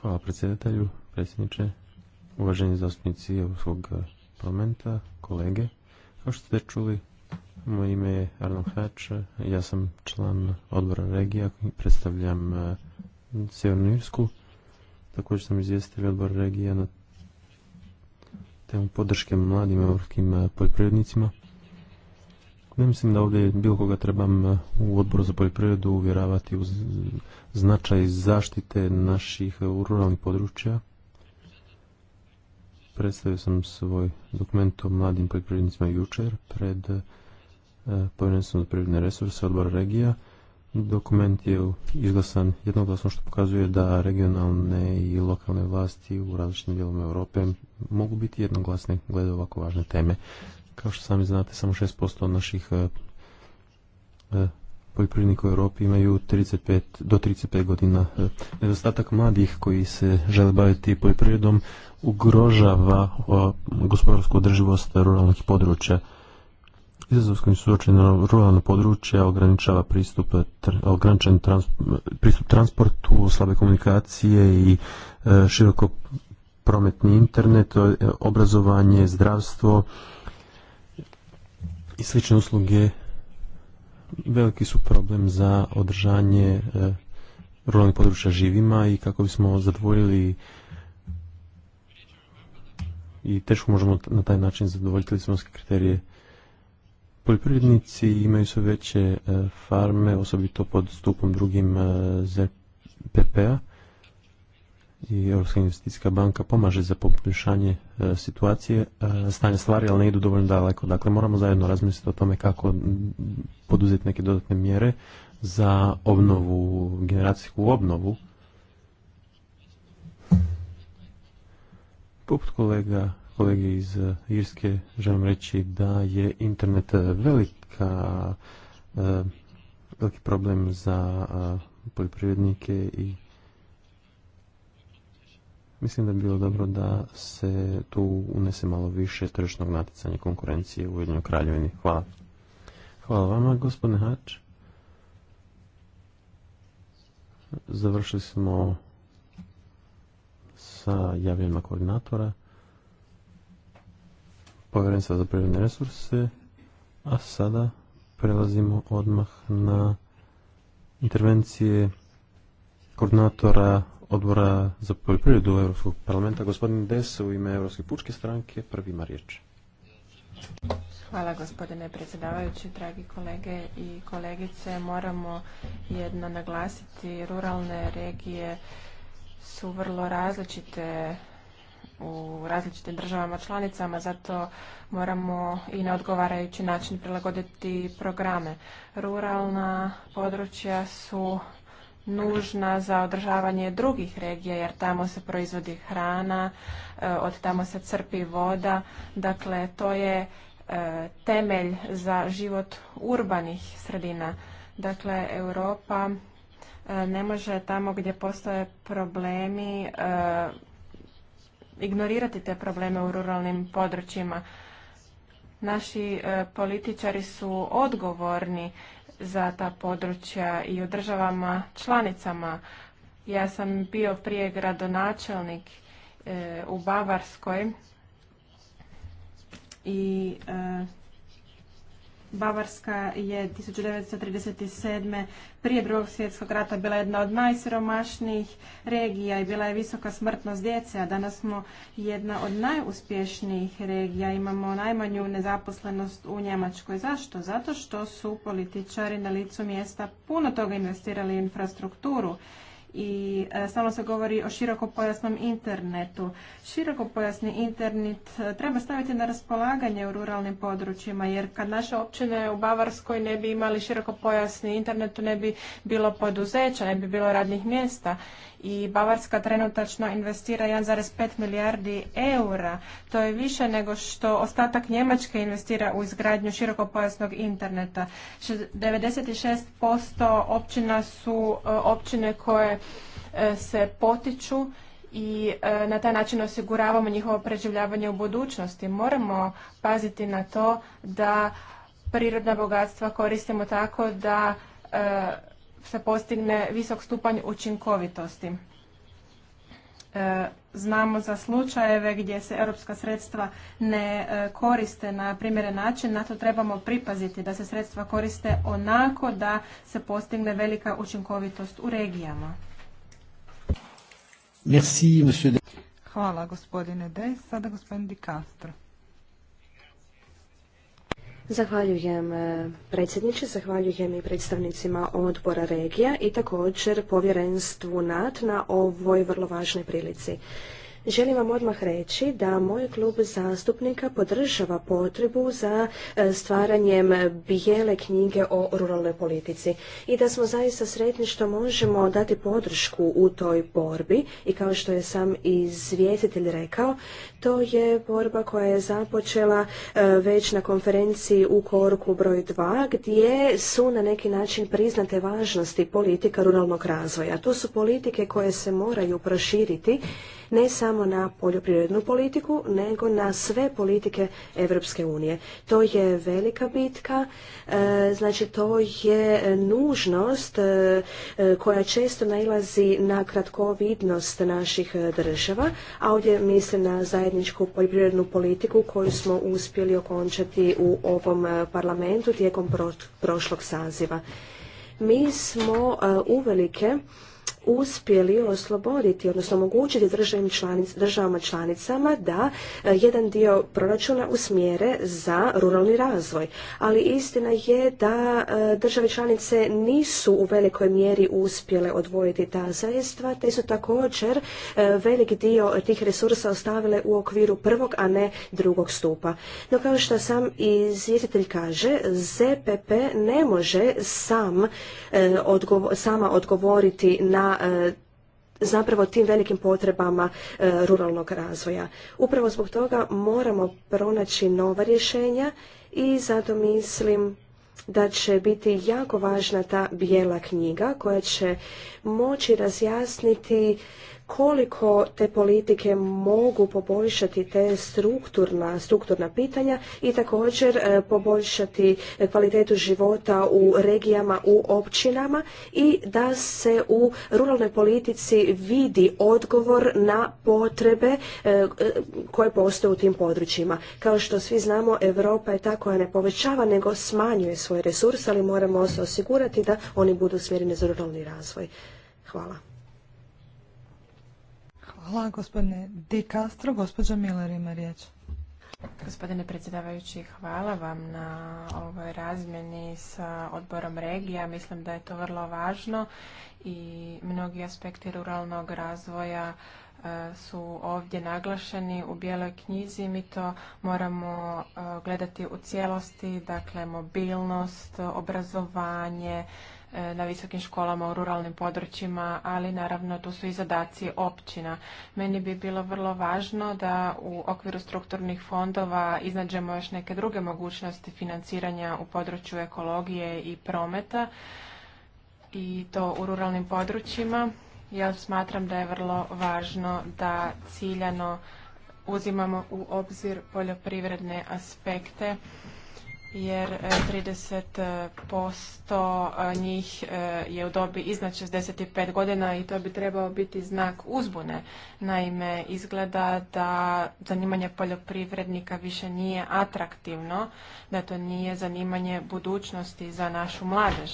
Hvala predsjedatelju, predsjedniče, uvaženi zastupnici Europskog eh, parlamenta, kolege. Kao što ste čuli, moje ime je Arno Hač, ja sam član odbora regija i predstavljam eh, Sjevernu Irsku. Također sam izvjestitelj odbor regija na temu podrške mladim europskim eh, poljoprivrednicima. Ne mislim da ovdje bilo koga trebam e, u odboru za poljoprivredu uvjeravati u značaj zaštite naših ruralnih područja. Predstavio sam svoj dokument o mladim poljoprivrednicima jučer pred e, povjerenstvom za privredne resurse odbora regija. Dokument je izglasan jednoglasno što pokazuje da regionalne i lokalne vlasti u različitim dijelovima Europe mogu biti jednoglasne glede ovako važne teme. Kao što sami znate, samo 6% od naših e, e, poljoprivrednika u Europi imaju 35, do 35 godina. E, nedostatak mladih koji se žele baviti poljoprivredom ugrožava gospodarsku održivost ruralnih područja. Izazov s kojim su očene područja ograničava pristup, ograničen pristup transportu, slabe komunikacije i e, široko prometni internet, obrazovanje, zdravstvo, i slične usluge veliki su problem za održanje e, ruralnih područja živima i kako bismo zadovoljili i teško možemo na taj način zadovoljiti kriterije. Poljoprivrednici imaju sve veće e, farme, osobito pod stupom drugim e, ZPP-a i Europska investicijska banka pomaže za poboljšanje e, situacije, e, Stanje stvari, ali ne idu dovoljno daleko. Dakle, moramo zajedno razmisliti o tome kako poduzeti neke dodatne mjere za obnovu, generacijsku obnovu. Poput kolega, kolege iz e, Irske želim reći da je internet velika, veliki problem za poljoprivrednike i Mislim da bi bilo dobro da se tu unese malo više tržišnog natjecanja konkurencije u Ujedinjenoj kraljevini. Hvala. Hvala vama, gospodine Hač. Završili smo sa javljenima koordinatora povjerenstva za prirodne resurse, a sada prelazimo odmah na intervencije koordinatora odbora za poljoprivredu Europskog parlamenta, gospodin Des u ime Europske pučke stranke, prvi ima riječ. Hvala gospodine predsjedavajući, dragi kolege i kolegice. Moramo jedno naglasiti, ruralne regije su vrlo različite u različitim državama članicama, zato moramo i na odgovarajući način prilagoditi programe. Ruralna područja su nužna za održavanje drugih regija jer tamo se proizvodi hrana, e, od tamo se crpi voda. Dakle, to je e, temelj za život urbanih sredina. Dakle, Europa e, ne može tamo gdje postoje problemi ignorirati te probleme u ruralnim područjima. Naši političari su odgovorni za ta područja i u državama članicama. Ja sam bio prije gradonačelnik e, u Bavarskoj i e, Bavarska je 1937. prije drugog svjetskog rata bila jedna od najsiromašnijih regija i bila je visoka smrtnost djece, a danas smo jedna od najuspješnijih regija. Imamo najmanju nezaposlenost u Njemačkoj. Zašto? Zato što su političari na licu mjesta puno toga investirali u infrastrukturu i e, stalno se govori o širokopojasnom internetu. Širokopojasni internet e, treba staviti na raspolaganje u ruralnim područjima jer kad naše općine u Bavarskoj ne bi imali širokopojasni internet, ne bi bilo poduzeća, ne bi bilo radnih mjesta i Bavarska trenutačno investira 1,5 milijardi eura. To je više nego što ostatak Njemačke investira u izgradnju širokopojasnog interneta. 96% općina su e, općine koje e, se potiču i e, na taj način osiguravamo njihovo preživljavanje u budućnosti. Moramo paziti na to da prirodna bogatstva koristimo tako da se postigne visok stupanj učinkovitosti. E, znamo za slučajeve gdje se europska sredstva ne e, koriste na primjeren način, na to trebamo pripaziti da se sredstva koriste onako da se postigne velika učinkovitost u regijama. Hvala gospodine De. Sada gospodin Di Zahvaljujem e, predsjedniče, zahvaljujem i predstavnicima odbora regija i također povjerenstvu NAT na ovoj vrlo važnoj prilici. Želim vam odmah reći da moj klub zastupnika podržava potrebu za e, stvaranjem bijele knjige o ruralnoj politici i da smo zaista sretni što možemo dati podršku u toj borbi i kao što je sam izvjetitelj rekao, to je borba koja je započela e, već na konferenciji u Korku broj 2 gdje su na neki način priznate važnosti politika ruralnog razvoja. To su politike koje se moraju proširiti ne samo na poljoprivrednu politiku, nego na sve politike Europske unije. To je velika bitka, e, znači to je nužnost e, koja često nailazi na kratkovidnost naših država, a ovdje mislim na zajedničku poljoprivrednu politiku koju smo uspjeli okončati u ovom e, parlamentu tijekom prošlog saziva. Mi smo uvelike uspjeli osloboditi, odnosno omogućiti državama članicama da e, jedan dio proračuna usmjere za ruralni razvoj. Ali istina je da e, države članice nisu u velikoj mjeri uspjele odvojiti ta zajedstva, te su također e, velik dio tih resursa ostavile u okviru prvog, a ne drugog stupa. No kao što sam izvjetitelj kaže, ZPP ne može sam, sama odgovoriti na E, zapravo tim velikim potrebama e, ruralnog razvoja. Upravo zbog toga moramo pronaći nova rješenja i zato mislim da će biti jako važna ta bijela knjiga koja će moći razjasniti koliko te politike mogu poboljšati te strukturna, strukturna pitanja i također e, poboljšati kvalitetu života u regijama, u općinama i da se u ruralnoj politici vidi odgovor na potrebe e, e, koje postoje u tim područjima. Kao što svi znamo, Europa je ta koja ne povećava nego smanjuje svoje resurse, ali moramo se osigurati da oni budu smjereni za ruralni razvoj. Hvala. Hvala gospodine Di Castro. Gospođa Miller riječ. Gospodine predsjedavajući, hvala vam na ovoj razmjeni sa odborom regija. Mislim da je to vrlo važno i mnogi aspekti ruralnog razvoja e, su ovdje naglašeni u bijeloj knjizi. Mi to moramo e, gledati u cijelosti, dakle mobilnost, obrazovanje, E, na visokim školama u ruralnim područjima, ali naravno tu su i zadaci općina. Meni bi bilo vrlo važno da u okviru strukturnih fondova iznađemo još neke druge mogućnosti financiranja u području ekologije i prometa i to u ruralnim područjima. Ja smatram da je vrlo važno da ciljano uzimamo u obzir poljoprivredne aspekte jer 30% e, e, njih e, je u dobi iznad 65 godina i to bi trebao biti znak uzbune. Naime, izgleda da zanimanje poljoprivrednika više nije atraktivno, da to nije zanimanje budućnosti za našu mladež.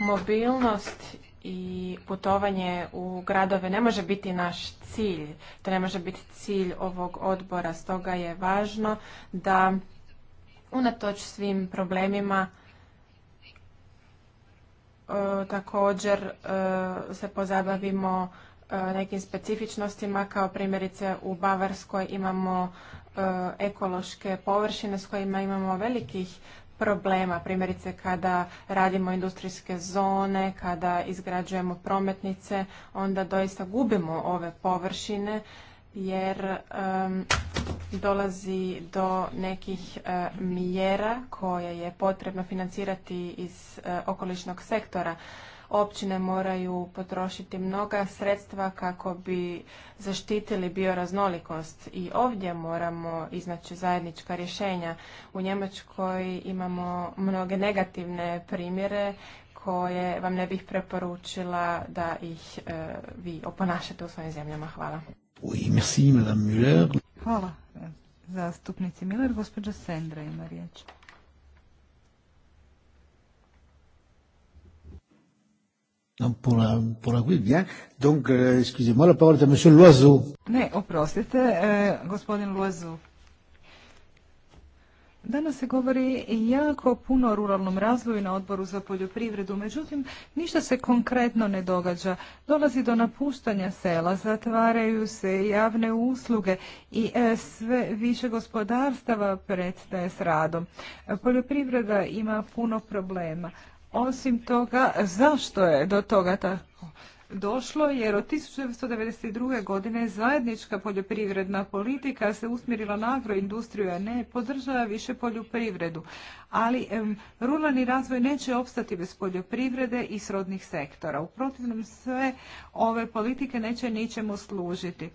Mobilnost i putovanje u gradove ne može biti naš cilj, to ne može biti cilj ovog odbora, stoga je važno da unatoč svim problemima e, također e, se pozabavimo e, nekim specifičnostima kao primjerice u Bavarskoj imamo ekološke površine s kojima imamo velikih problema, primjerice kada radimo industrijske zone, kada izgrađujemo prometnice, onda doista gubimo ove površine jer dolazi do nekih e, mjera koje je potrebno financirati iz e, okolišnog sektora. Općine moraju potrošiti mnoga sredstva kako bi zaštitili bioraznolikost i ovdje moramo iznaći zajednička rješenja. U Njemačkoj imamo mnoge negativne primjere koje vam ne bih preporučila da ih e, vi oponašate u svojim zemljama. Hvala. Oui, merci, madame Müller. Hvala zastupnici Müller, Gospođa Sendra ima riječ. Non, pour la, pour la oui, bien. Donc, euh, excusez-moi, la parole est à monsieur Loiseau. Ne, oprostite, euh, gospodin Loiseau. Danas se govori jako puno o ruralnom razvoju na odboru za poljoprivredu, međutim ništa se konkretno ne događa. Dolazi do napuštanja sela, zatvaraju se javne usluge i e, sve više gospodarstava predstaje s radom. Poljoprivreda ima puno problema. Osim toga, zašto je do toga tako? došlo jer od 1992. godine zajednička poljoprivredna politika se usmjerila na agroindustriju, a ne podržava više poljoprivredu. Ali ruralni razvoj neće opstati bez poljoprivrede i srodnih sektora. U protivnom sve ove politike neće ničemu služiti.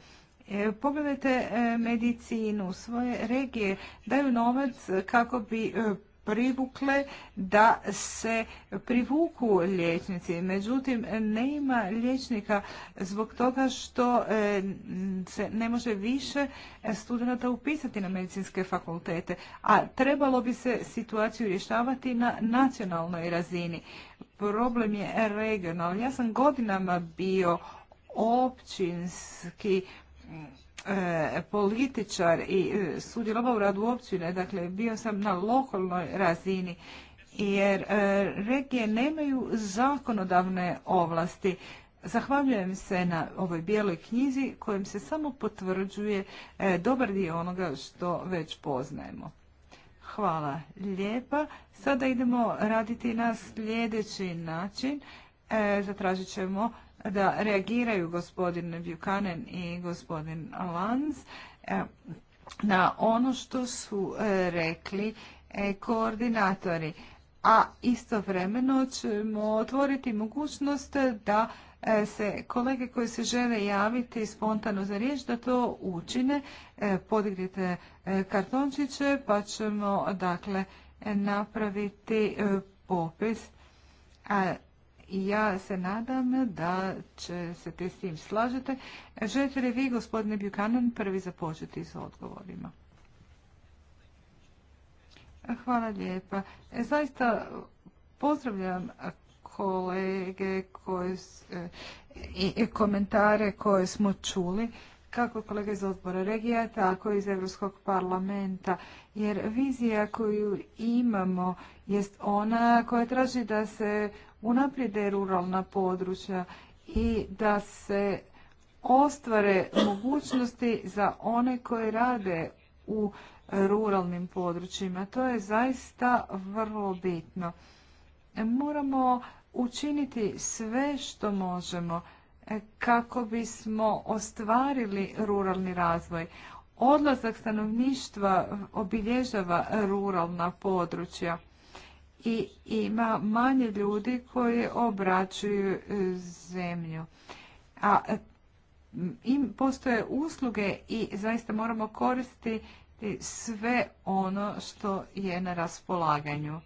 E, pogledajte e, medicinu, svoje regije daju novac kako bi e, privukle da se privuku liječnici. Međutim, nema liječnika zbog toga što e, se ne može više studenta upisati na medicinske fakultete, a trebalo bi se situaciju rješavati na nacionalnoj razini. Problem je regionalni. Ja sam godinama bio općinski E, političar i e, sudjelovao u radu općine, dakle bio sam na lokalnoj razini jer e, regije nemaju zakonodavne ovlasti. Zahvaljujem se na ovoj bijeloj knjizi kojim se samo potvrđuje dobar dio onoga što već poznajemo. Hvala lijepa. Sada idemo raditi na sljedeći način. Zatražit ćemo da reagiraju gospodin Buchanan i gospodin Lanz e, na ono što su e, rekli e, koordinatori. A istovremeno ćemo otvoriti mogućnost da se kolege koji se žele javiti spontano za riječ da to učine. Podignite kartončiće pa ćemo dakle napraviti popis i ja se nadam da će se te s tim slažete. Želite li vi, gospodine Buchanan, prvi započeti s odgovorima? Hvala lijepa. E, zaista pozdravljam kolege koje, e, i komentare koje smo čuli kako kolege iz odbora regija, tako i iz Europskog parlamenta. Jer vizija koju imamo jest ona koja traži da se unaprijede ruralna područja i da se ostvare mogućnosti za one koji rade u ruralnim područjima. To je zaista vrlo bitno. Moramo učiniti sve što možemo kako bismo ostvarili ruralni razvoj. Odlazak stanovništva obilježava ruralna područja i ima manje ljudi koji obraćuju e, zemlju. A e, im postoje usluge i zaista moramo koristiti sve ono što je na raspolaganju.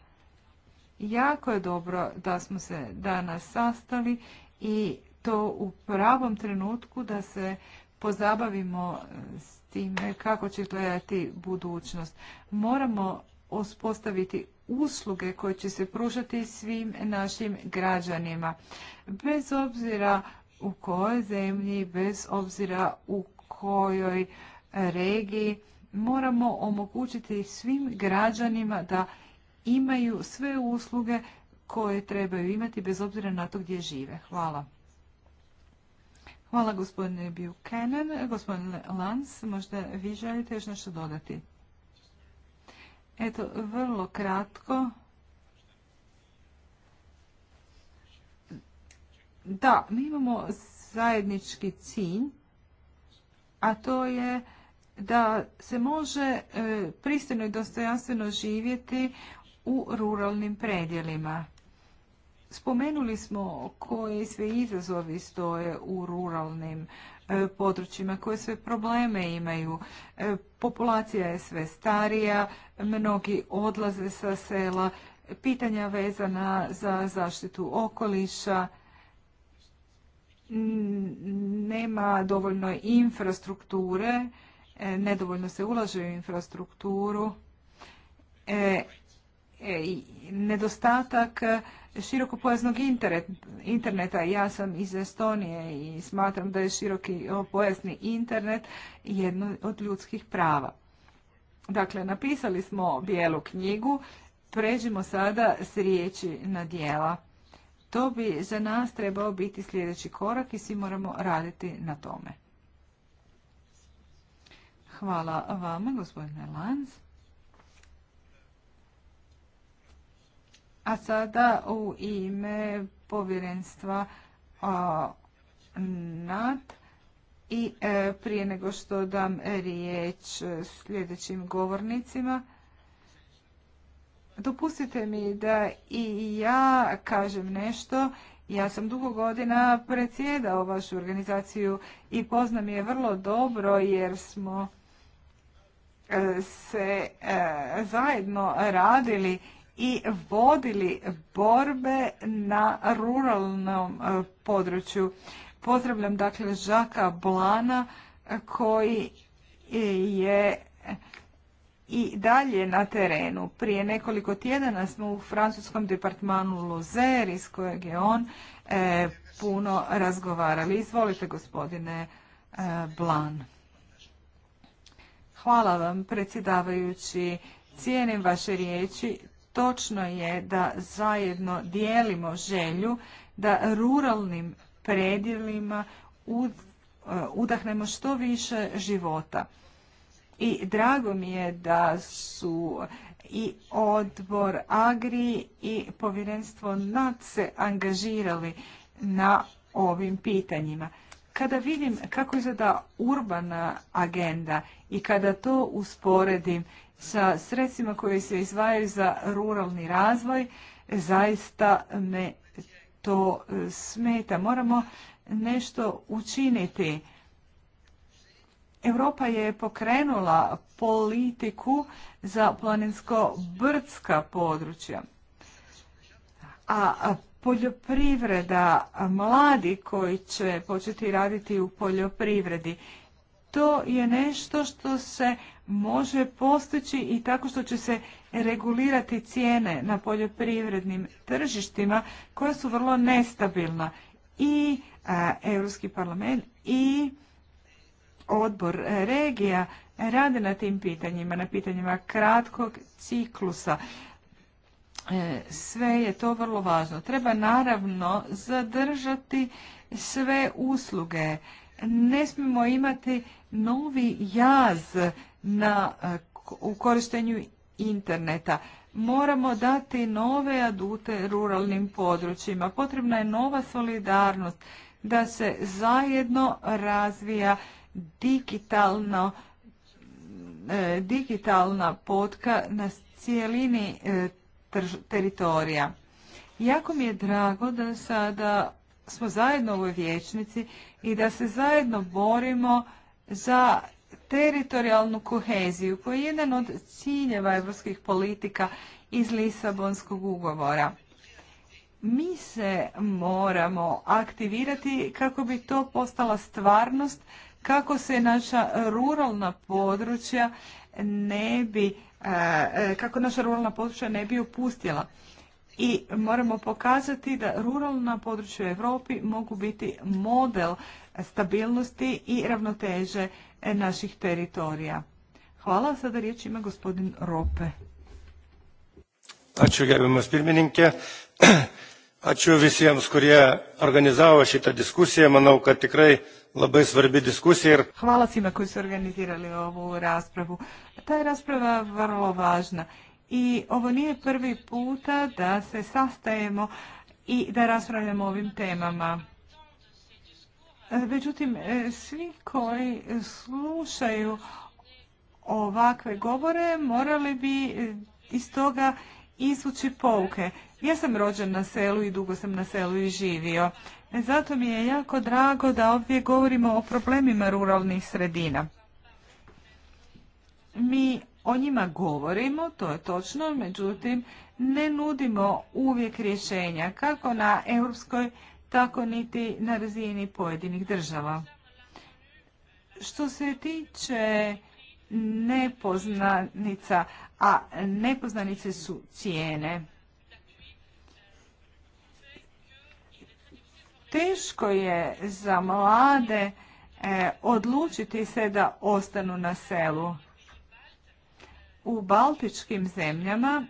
Jako je dobro da smo se danas sastali i to u pravom trenutku da se pozabavimo e, s time kako će gledati budućnost. Moramo uspostaviti usluge koje će se pružati svim našim građanima. Bez obzira u kojoj zemlji, bez obzira u kojoj regiji, moramo omogućiti svim građanima da imaju sve usluge koje trebaju imati bez obzira na to gdje žive. Hvala. Hvala gospodine Buchanan. Gospodine Lans, možda vi želite još nešto dodati? Eto, vrlo kratko. Da, mi imamo zajednički cilj, a to je da se može e, pristojno i dostojanstveno živjeti u ruralnim predjelima. Spomenuli smo koji sve izazovi stoje u ruralnim e, područjima, koje sve probleme imaju. E, populacija je sve starija, mnogi odlaze sa sela, pitanja vezana za zaštitu okoliša, nema dovoljno infrastrukture, e, nedovoljno se ulaže u infrastrukturu, E, nedostatak e, širokopojasnog interneta. Ja sam iz Estonije i smatram da je široki pojasni internet jedno od ljudskih prava. Dakle, napisali smo bijelu knjigu, pređimo sada s riječi na dijela. To bi za nas trebao biti sljedeći korak i svi moramo raditi na tome. Hvala vama, gospodine Lanz. A sada u ime povjerenstva nad i e, prije nego što dam riječ sljedećim govornicima, dopustite mi da i ja kažem nešto. Ja sam dugo godina predsjedao vašu organizaciju i poznam je vrlo dobro jer smo e, se e, zajedno radili i vodili borbe na ruralnom e, području. Pozdravljam dakle Žaka Blana e, koji je i dalje na terenu. Prije nekoliko tjedana smo u francuskom departmanu Lozer iz kojeg je on e, puno razgovarali. Izvolite gospodine e, Blan. Hvala vam predsjedavajući. Cijenim vaše riječi. Točno je da zajedno dijelimo želju da ruralnim predjelima eh, udahnemo što više života. I drago mi je da su i odbor Agri i povjerenstvo NAD se angažirali na ovim pitanjima. Kada vidim kako izgleda urbana agenda i kada to usporedim sa sredstvima koje se izvajaju za ruralni razvoj, zaista me to e, smeta. Moramo nešto učiniti. Europa je pokrenula politiku za planinsko-brdska područja. A poljoprivreda, mladi koji će početi raditi u poljoprivredi, to je nešto što se može postići i tako što će se regulirati cijene na poljoprivrednim tržištima koja su vrlo nestabilna. I Europski parlament i odbor regija rade na tim pitanjima, na pitanjima kratkog ciklusa. E, sve je to vrlo važno. Treba naravno zadržati sve usluge. Ne smijemo imati novi jaz na, e, u korištenju interneta. Moramo dati nove adute ruralnim područjima. Potrebna je nova solidarnost da se zajedno razvija digitalno e, digitalna potka na cijelini e, teritorija. Jako mi je drago da sada smo zajedno u ovoj vječnici i da se zajedno borimo za teritorijalnu koheziju koji je jedan od ciljeva europskih politika iz Lisabonskog ugovora. Mi se moramo aktivirati kako bi to postala stvarnost, kako se naša ruralna područja ne bi, e, kako naša ruralna područja ne bi opustjela. I moramo pokazati da ruralna područja u Europi mogu biti model stabilnosti i ravnoteže E, naših teritorija. Hvala, sada riječ ima gospodin Rope. Ačiū gerbiamas pirmininkė, ačiū visiems, kurie organizavo šitą diskusiją. Manau, kad tikrai labai svarbi diskusija. Ir... Hvala svima koji su organizirali ovu raspravu. Ta je rasprava vrlo važna i ovo nije prvi puta da se sastajemo i da raspravljamo ovim temama. Međutim, e, svi koji slušaju ovakve govore morali bi e, iz toga izvući pouke. Ja sam rođen na selu i dugo sam na selu i živio. E, zato mi je jako drago da ovdje govorimo o problemima ruralnih sredina. Mi o njima govorimo, to je točno, međutim ne nudimo uvijek rješenja kako na europskoj tako niti na razini pojedinih država. Što se tiče nepoznanica, a nepoznanice su cijene. Teško je za mlade e, odlučiti se da ostanu na selu. U baltičkim zemljama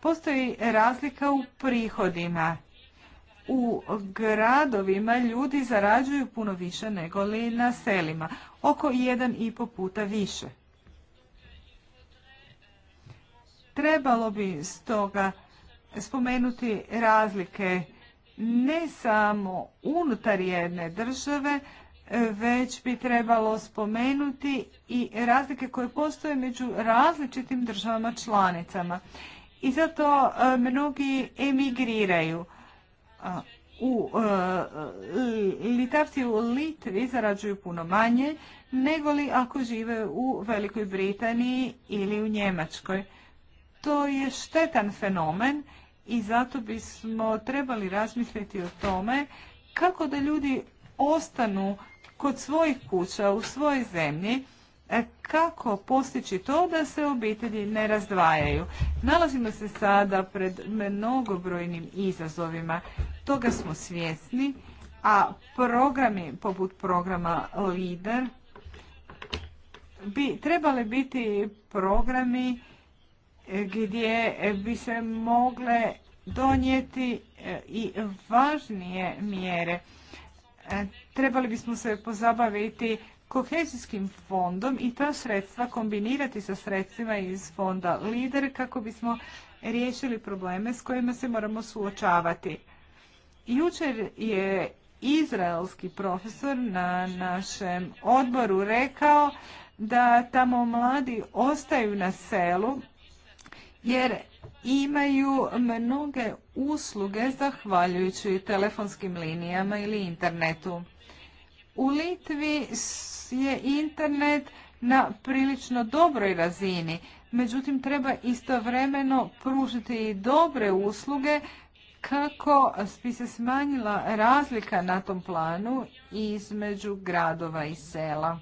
Postoji razlika u prihodima. U gradovima ljudi zarađuju puno više nego li na selima, oko 1,5 puta više. Trebalo bi stoga spomenuti razlike ne samo unutar jedne države, već bi trebalo spomenuti i razlike koje postoje među različitim državama članicama i zato e, mnogi emigriraju. U e, e, Litavci u Litvi zarađuju puno manje nego li ako žive u Velikoj Britaniji ili u Njemačkoj. To je štetan fenomen i zato bismo trebali razmisliti o tome kako da ljudi ostanu kod svojih kuća u svojoj zemlji E, kako postići to da se obitelji ne razdvajaju. Nalazimo se sada pred mnogobrojnim izazovima. Toga smo svjesni, a programi poput programa LIDER bi trebali biti programi gdje bi se mogle donijeti e, i važnije mjere. E, trebali bismo se pozabaviti kohezijskim fondom i ta sredstva kombinirati sa sredstvima iz fonda LIDER kako bismo riješili probleme s kojima se moramo suočavati. Jučer je izraelski profesor na našem odboru rekao da tamo mladi ostaju na selu jer imaju mnoge usluge zahvaljujući telefonskim linijama ili internetu. U Litvi je internet na prilično dobroj razini, međutim treba istovremeno pružiti i dobre usluge kako bi se smanjila razlika na tom planu između gradova i sela.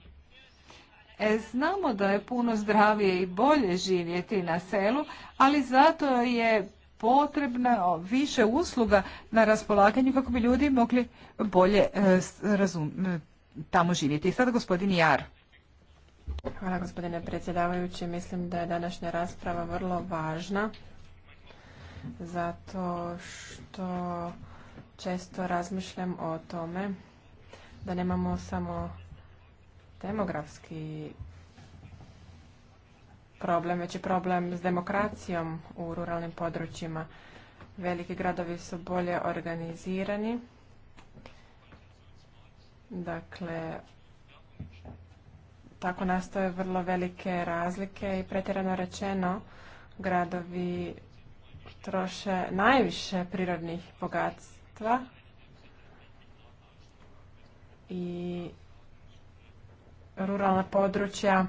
E, znamo da je puno zdravije i bolje živjeti na selu, ali zato je potrebna više usluga na raspolaganju kako bi ljudi mogli bolje e, e, tamo živjeti. I sada gospodin Jar. Hvala gospodine predsjedavajući. Mislim da je današnja rasprava vrlo važna zato što često razmišljam o tome da nemamo samo demografski problem, već je problem s demokracijom u ruralnim područjima. Veliki gradovi su bolje organizirani. Dakle, tako nastoje vrlo velike razlike i pretjerano rečeno gradovi troše najviše prirodnih bogatstva i ruralna područja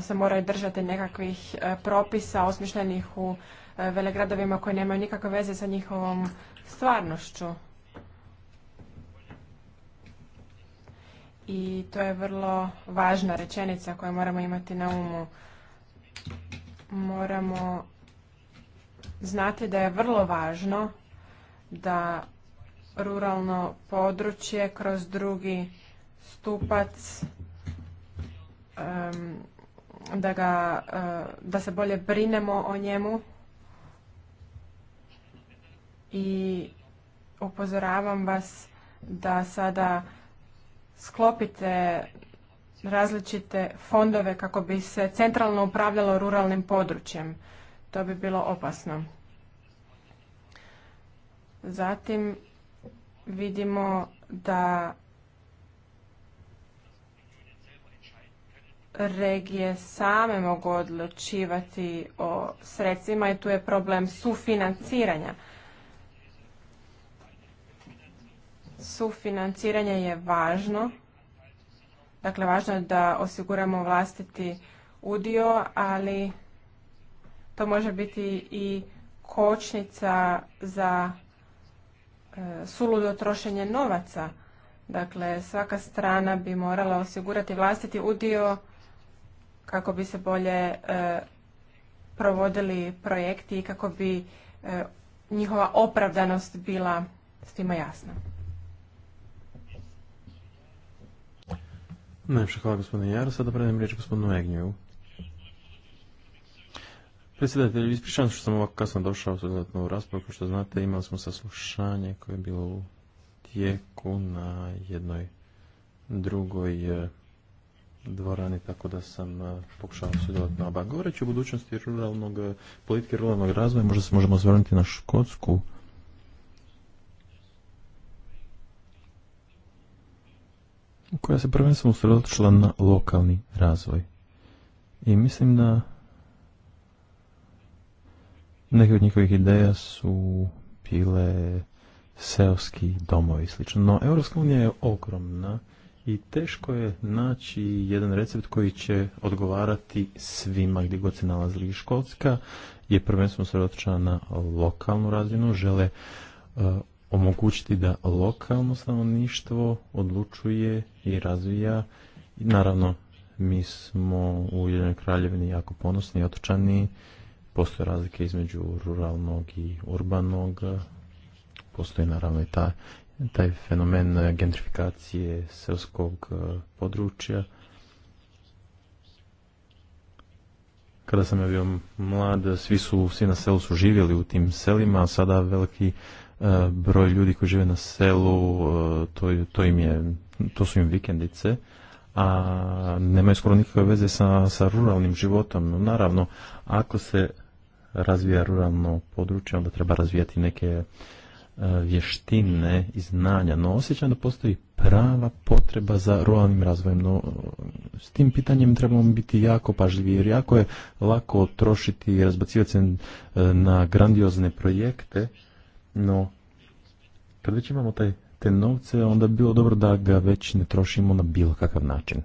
se moraju držati nekakvih propisa osmišljenih u velegradovima koji nemaju nikakve veze sa njihovom stvarnošću. I to je vrlo važna rečenica koju moramo imati na umu. Moramo znati da je vrlo važno da ruralno područje kroz drugi stupac da, ga, e, da se bolje brinemo o njemu i upozoravam vas da sada sklopite različite fondove kako bi se centralno upravljalo ruralnim područjem. To bi bilo opasno. Zatim vidimo da regije same mogu odlučivati o sredstvima i tu je problem sufinanciranja. Sufinanciranje je važno. Dakle, važno je da osiguramo vlastiti udio, ali to može biti i kočnica za e, suludo trošenje novaca. Dakle, svaka strana bi morala osigurati vlastiti udio kako bi se bolje e, provodili projekti i kako bi e, njihova opravdanost bila svima jasna. Najpša hvala gospodine Jaro, sada predajem riječ gospodinu Egnjevu. Predsjedatelj, ispričavam što sam ovako kasno došao u raspravu, kao što znate imali smo saslušanje koje je bilo u tijeku na jednoj drugoj dvorani, tako da sam e, pokušao sudjelovati na oba. Govoreći o budućnosti ruralnog, e, politike ruralnog razvoja, možda se možemo zvrnuti na Škotsku. koja se prvenstveno usredotočila na lokalni razvoj. I mislim da neke od njihovih ideja su bile seoski domovi slično. No, Europska unija je ogromna i teško je naći jedan recept koji će odgovarati svima gdje god se nalazili. Škotska je prvenstveno sredotočena na lokalnu razinu, žele uh, omogućiti da lokalno stanovništvo odlučuje i razvija. naravno, mi smo u Ujedinjenoj kraljevini jako ponosni i otočani. Postoje razlike između ruralnog i urbanog. Postoji naravno i ta taj fenomen eh, gentrifikacije srpskog eh, područja. Kada sam ja bio mlad, eh, svi su, svi na selu su živjeli u tim selima, a sada veliki broj ljudi koji žive na selu, to, to im je, to su im vikendice, a nemaju skoro nikakve veze sa, sa ruralnim životom. Naravno, ako se razvija ruralno područje, onda treba razvijati neke E, vještine i znanja, no osjećam da postoji prava potreba za ruralnim razvojem. No, e, s tim pitanjem trebamo biti jako pažljivi jer jako je lako trošiti i razbacivati se e, na grandiozne projekte, no kad već imamo taj, te novce, onda bi bilo dobro da ga već ne trošimo na bilo kakav način.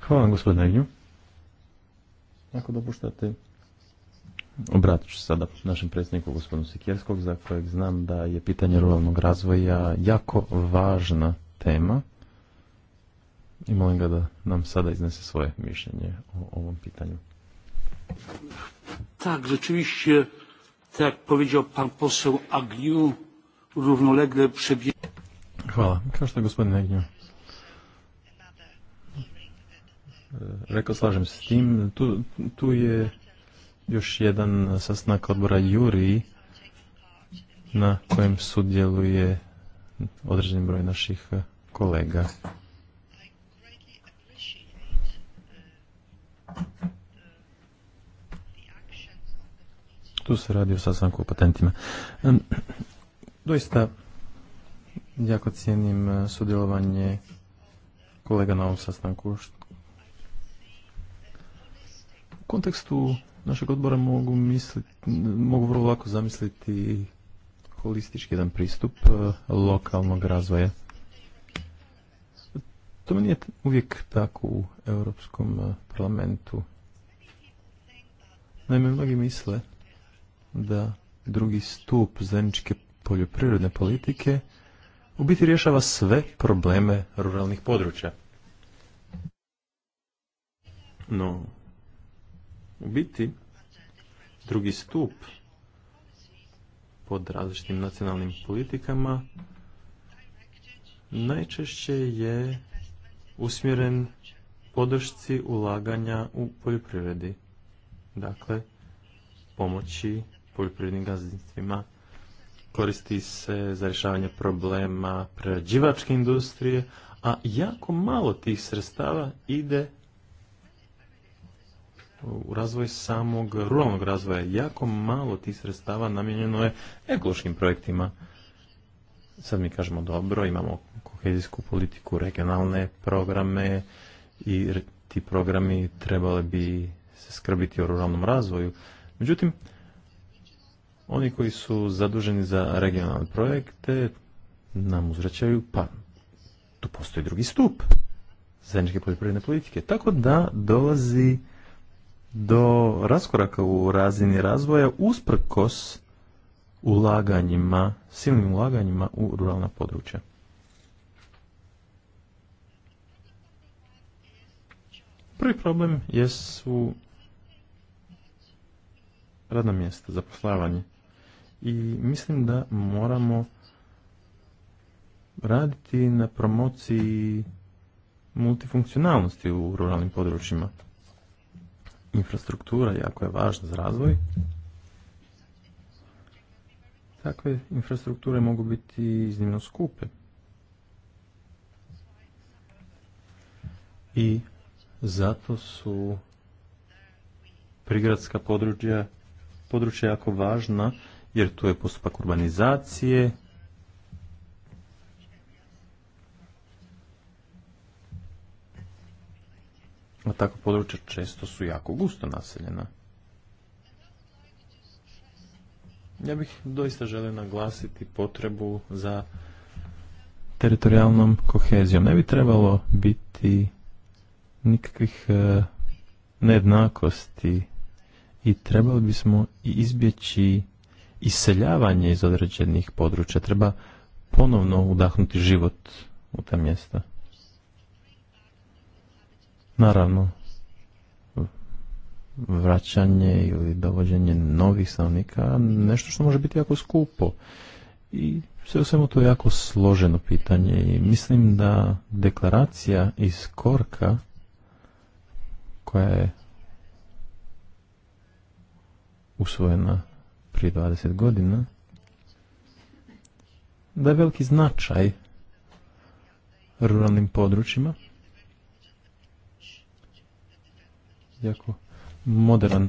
Hvala vam gospodine Ako dopuštate, Obratit ću sada našem predsjedniku gospodinu Sikjerskog, za kojeg znam da je pitanje ruralnog razvoja jako važna tema i molim ga da nam sada iznese svoje mišljenje o ovom pitanju. Tak, rzeczywiście, tak jak powiedział pan poseł Agniu, równolegle przebie... Hvala. Kao što je gospodin Agniu e, rekao, slažem se s tim. Tu, tu je još jedan sastanak odbora Juri na kojem sudjeluje određen broj naših eh, kolega. Tu se radi o sastanku o patentima. Doista jako cijenim eh, sudjelovanje kolega na ovom sastanku. U kontekstu našeg odbora mogu, misliti, mogu vrlo lako zamisliti holistički jedan pristup e, lokalnog razvoja. To mi nije uvijek tako u Europskom e, parlamentu. Naime, mnogi misle da drugi stup zajedničke poljoprivredne politike u biti rješava sve probleme ruralnih područja. No, u biti, drugi stup pod različitim nacionalnim politikama najčešće je usmjeren podršci ulaganja u poljoprivredi. Dakle, pomoći poljoprivrednim gazdinstvima koristi se za rješavanje problema prerađivačke industrije, a jako malo tih sredstava ide u razvoj samog ruralnog razvoja. Jako malo tih sredstava namijenjeno je ekološkim projektima. Sad mi kažemo dobro, imamo kohezijsku politiku, regionalne programe i ti programi trebali bi se skrbiti o ruralnom razvoju. Međutim, oni koji su zaduženi za regionalne projekte nam uzraćaju, pa tu postoji drugi stup zajedničke poljoprivredne politike. Tako da dolazi do raskoraka u razini razvoja usprkos ulaganjima, silnim ulaganjima u ruralna područja. Prvi problem jesu radna mjesta, zaposlavanje. I mislim da moramo raditi na promociji multifunkcionalnosti u ruralnim područjima infrastruktura jako je važna za razvoj. Takve infrastrukture mogu biti iznimno skupe. I zato su prigradska područja, područja jako važna jer tu je postupak urbanizacije, a takva područja često su jako gusto naseljena. Ja bih doista želio naglasiti potrebu za teritorijalnom kohezijom. Ne bi trebalo biti nikakvih e, nejednakosti i trebali bismo izbjeći iseljavanje iz određenih područja. Treba ponovno udahnuti život u ta mjesta. Naravno, vraćanje ili dovođenje novih stanovnika nešto što može biti jako skupo. I sve u svemu to je jako složeno pitanje i mislim da deklaracija iz Korka koja je usvojena prije 20 godina da je veliki značaj ruralnim područjima jako modern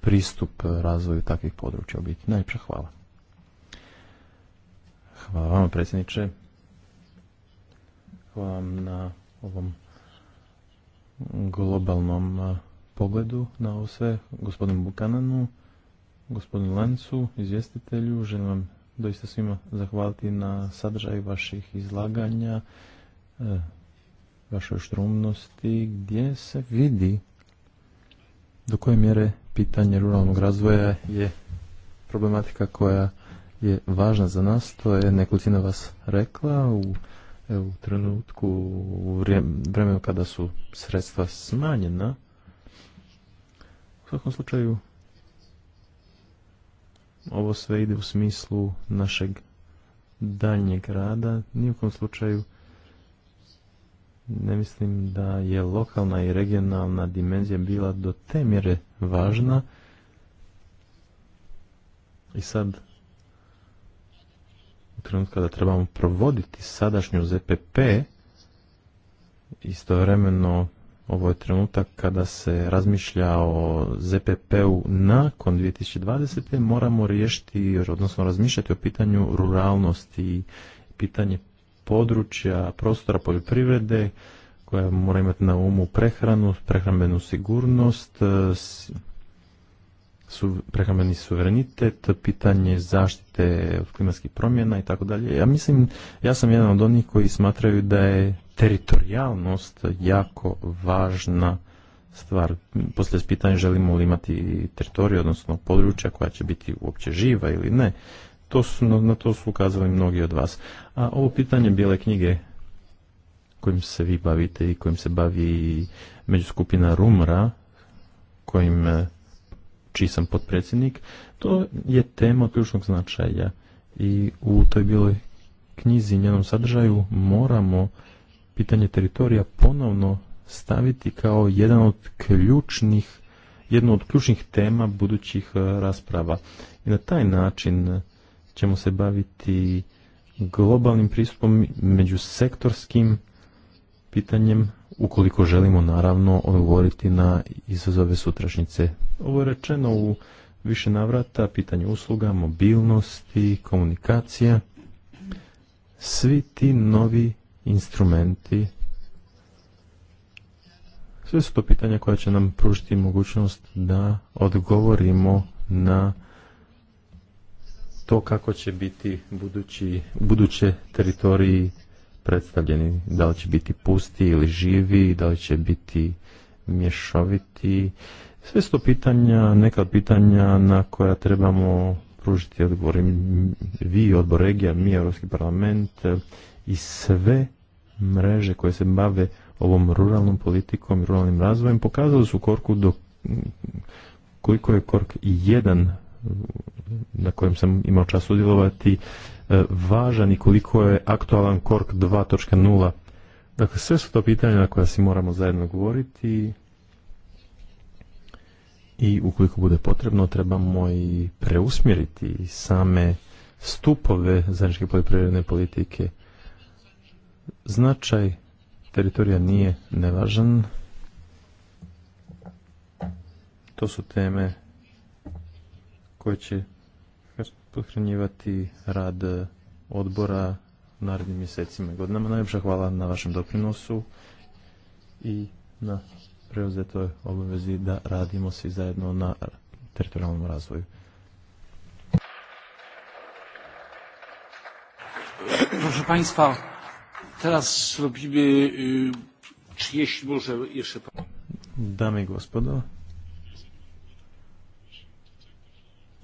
pristup razvoju takvih područja u biti. Najljepša hvala. Hvala vam, predsjedniče. Hvala vam na ovom globalnom pogledu na ovo sve. Gospodinu Bukananu, gospodinu Lancu, izvjestitelju, želim vam doista svima zahvaliti na sadržaju vaših izlaganja, e, vašoj štrumnosti, gdje se vidi do koje mjere pitanje ruralnog razvoja je problematika koja je važna za nas, to je nekolicina vas rekla u, u trenutku, u vremenu kada su sredstva smanjena. U svakom slučaju, ovo sve ide u smislu našeg daljnjeg rada, nijekom slučaju ne mislim da je lokalna i regionalna dimenzija bila do te mjere važna i sad u trenutku kada trebamo provoditi sadašnju ZPP istovremeno ovo je trenutak kada se razmišlja o ZPP-u nakon 2020. moramo riješiti, odnosno razmišljati o pitanju ruralnosti i pitanje područja prostora poljoprivrede koja mora imati na umu prehranu, prehrambenu sigurnost, e, su, prehrambeni suverenitet, pitanje zaštite od klimatskih promjena i tako dalje. Ja mislim, ja sam jedan od onih koji smatraju da je teritorijalnost jako važna stvar. Poslije pitanje želimo li imati teritoriju, odnosno područja koja će biti uopće živa ili ne to su, na to su ukazali mnogi od vas. A ovo pitanje bijele knjige kojim se vi bavite i kojim se bavi međuskupina Rumra, kojim e, čiji sam potpredsjednik, to je tema od ključnog značaja i u toj bijeloj knjizi njenom sadržaju moramo pitanje teritorija ponovno staviti kao jedan od ključnih, jednu od ključnih tema budućih e, rasprava. I na taj način ćemo se baviti globalnim pristupom sektorskim pitanjem ukoliko želimo naravno odgovoriti na izazove sutrašnjice. Ovo je rečeno u više navrata, pitanje usluga, mobilnosti, komunikacija. Svi ti novi instrumenti, sve su to pitanja koja će nam pružiti mogućnost da odgovorimo na to kako će biti budući, buduće teritoriji predstavljeni, da li će biti pusti ili živi, da li će biti mješoviti. Sve su to pitanja, neka pitanja na koja trebamo pružiti odgovor. Vi, odbor regija, mi, Europski parlament i sve mreže koje se bave ovom ruralnom politikom i ruralnim razvojem pokazali su Korku do koliko je Kork jedan na kojem sam imao čas udjelovati e, važan i koliko je aktualan KORK 2.0. Dakle, sve su to pitanja na koja si moramo zajedno govoriti i ukoliko bude potrebno trebamo i preusmjeriti same stupove zajedničke poljoprivredne politike. Značaj teritorija nije nevažan. To su teme koji će pohranjivati rad odbora narednim mjesecima i godinama. Najljepša hvala na vašem doprinosu i na preuzetoj obavezi da radimo svi zajedno na teritorijalnom razvoju. Proszę Państwa, teraz może jeszcze... Dame i gospodo,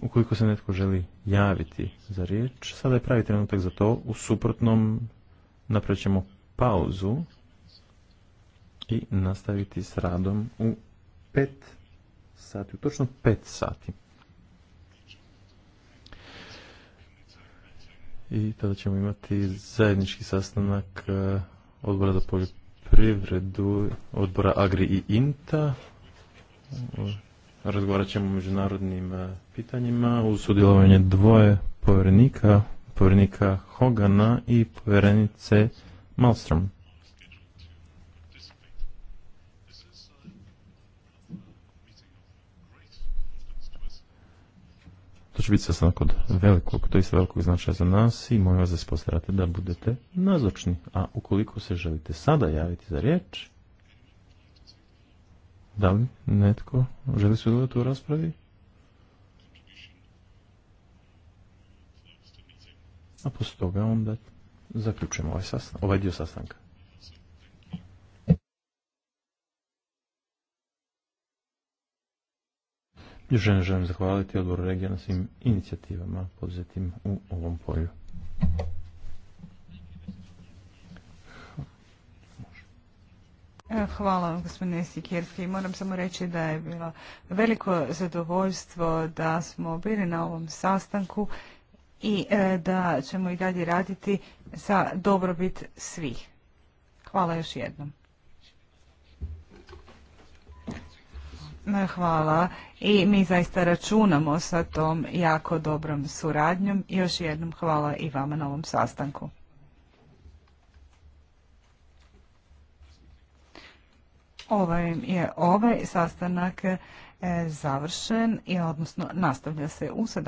ukoliko se netko želi javiti za riječ, sada je pravi trenutak za to. U suprotnom napravit ćemo pauzu i nastaviti s radom u pet sati, u točno pet sati. I tada ćemo imati zajednički sastanak eh, odbora za poljoprivredu, odbora Agri i INTA razgovarat ćemo o međunarodnim e, pitanjima uz sudjelovanje dvoje povjerenika, povjerenika Hogana i povjerenice Malmström. To će biti samo kod velikog, to isto velikog značaja za nas i molim vas da se postarate da budete nazočni. A ukoliko se želite sada javiti za riječ, da li netko želi se u raspravi? A posle toga onda zaključujemo ovaj, ovaj dio sastanka. Još želim, želim zahvaliti odboru regija svim inicijativama poduzetim u ovom polju. E, hvala vam gospodine Sikirski. Moram samo reći da je bilo veliko zadovoljstvo da smo bili na ovom sastanku i e, da ćemo i dalje raditi za dobrobit svih. Hvala još jednom. E, hvala i mi zaista računamo sa tom jako dobrom suradnjom. Još jednom hvala i vama na ovom sastanku. Ovaj je ovaj sastanak e, završen i odnosno nastavlja se u 17.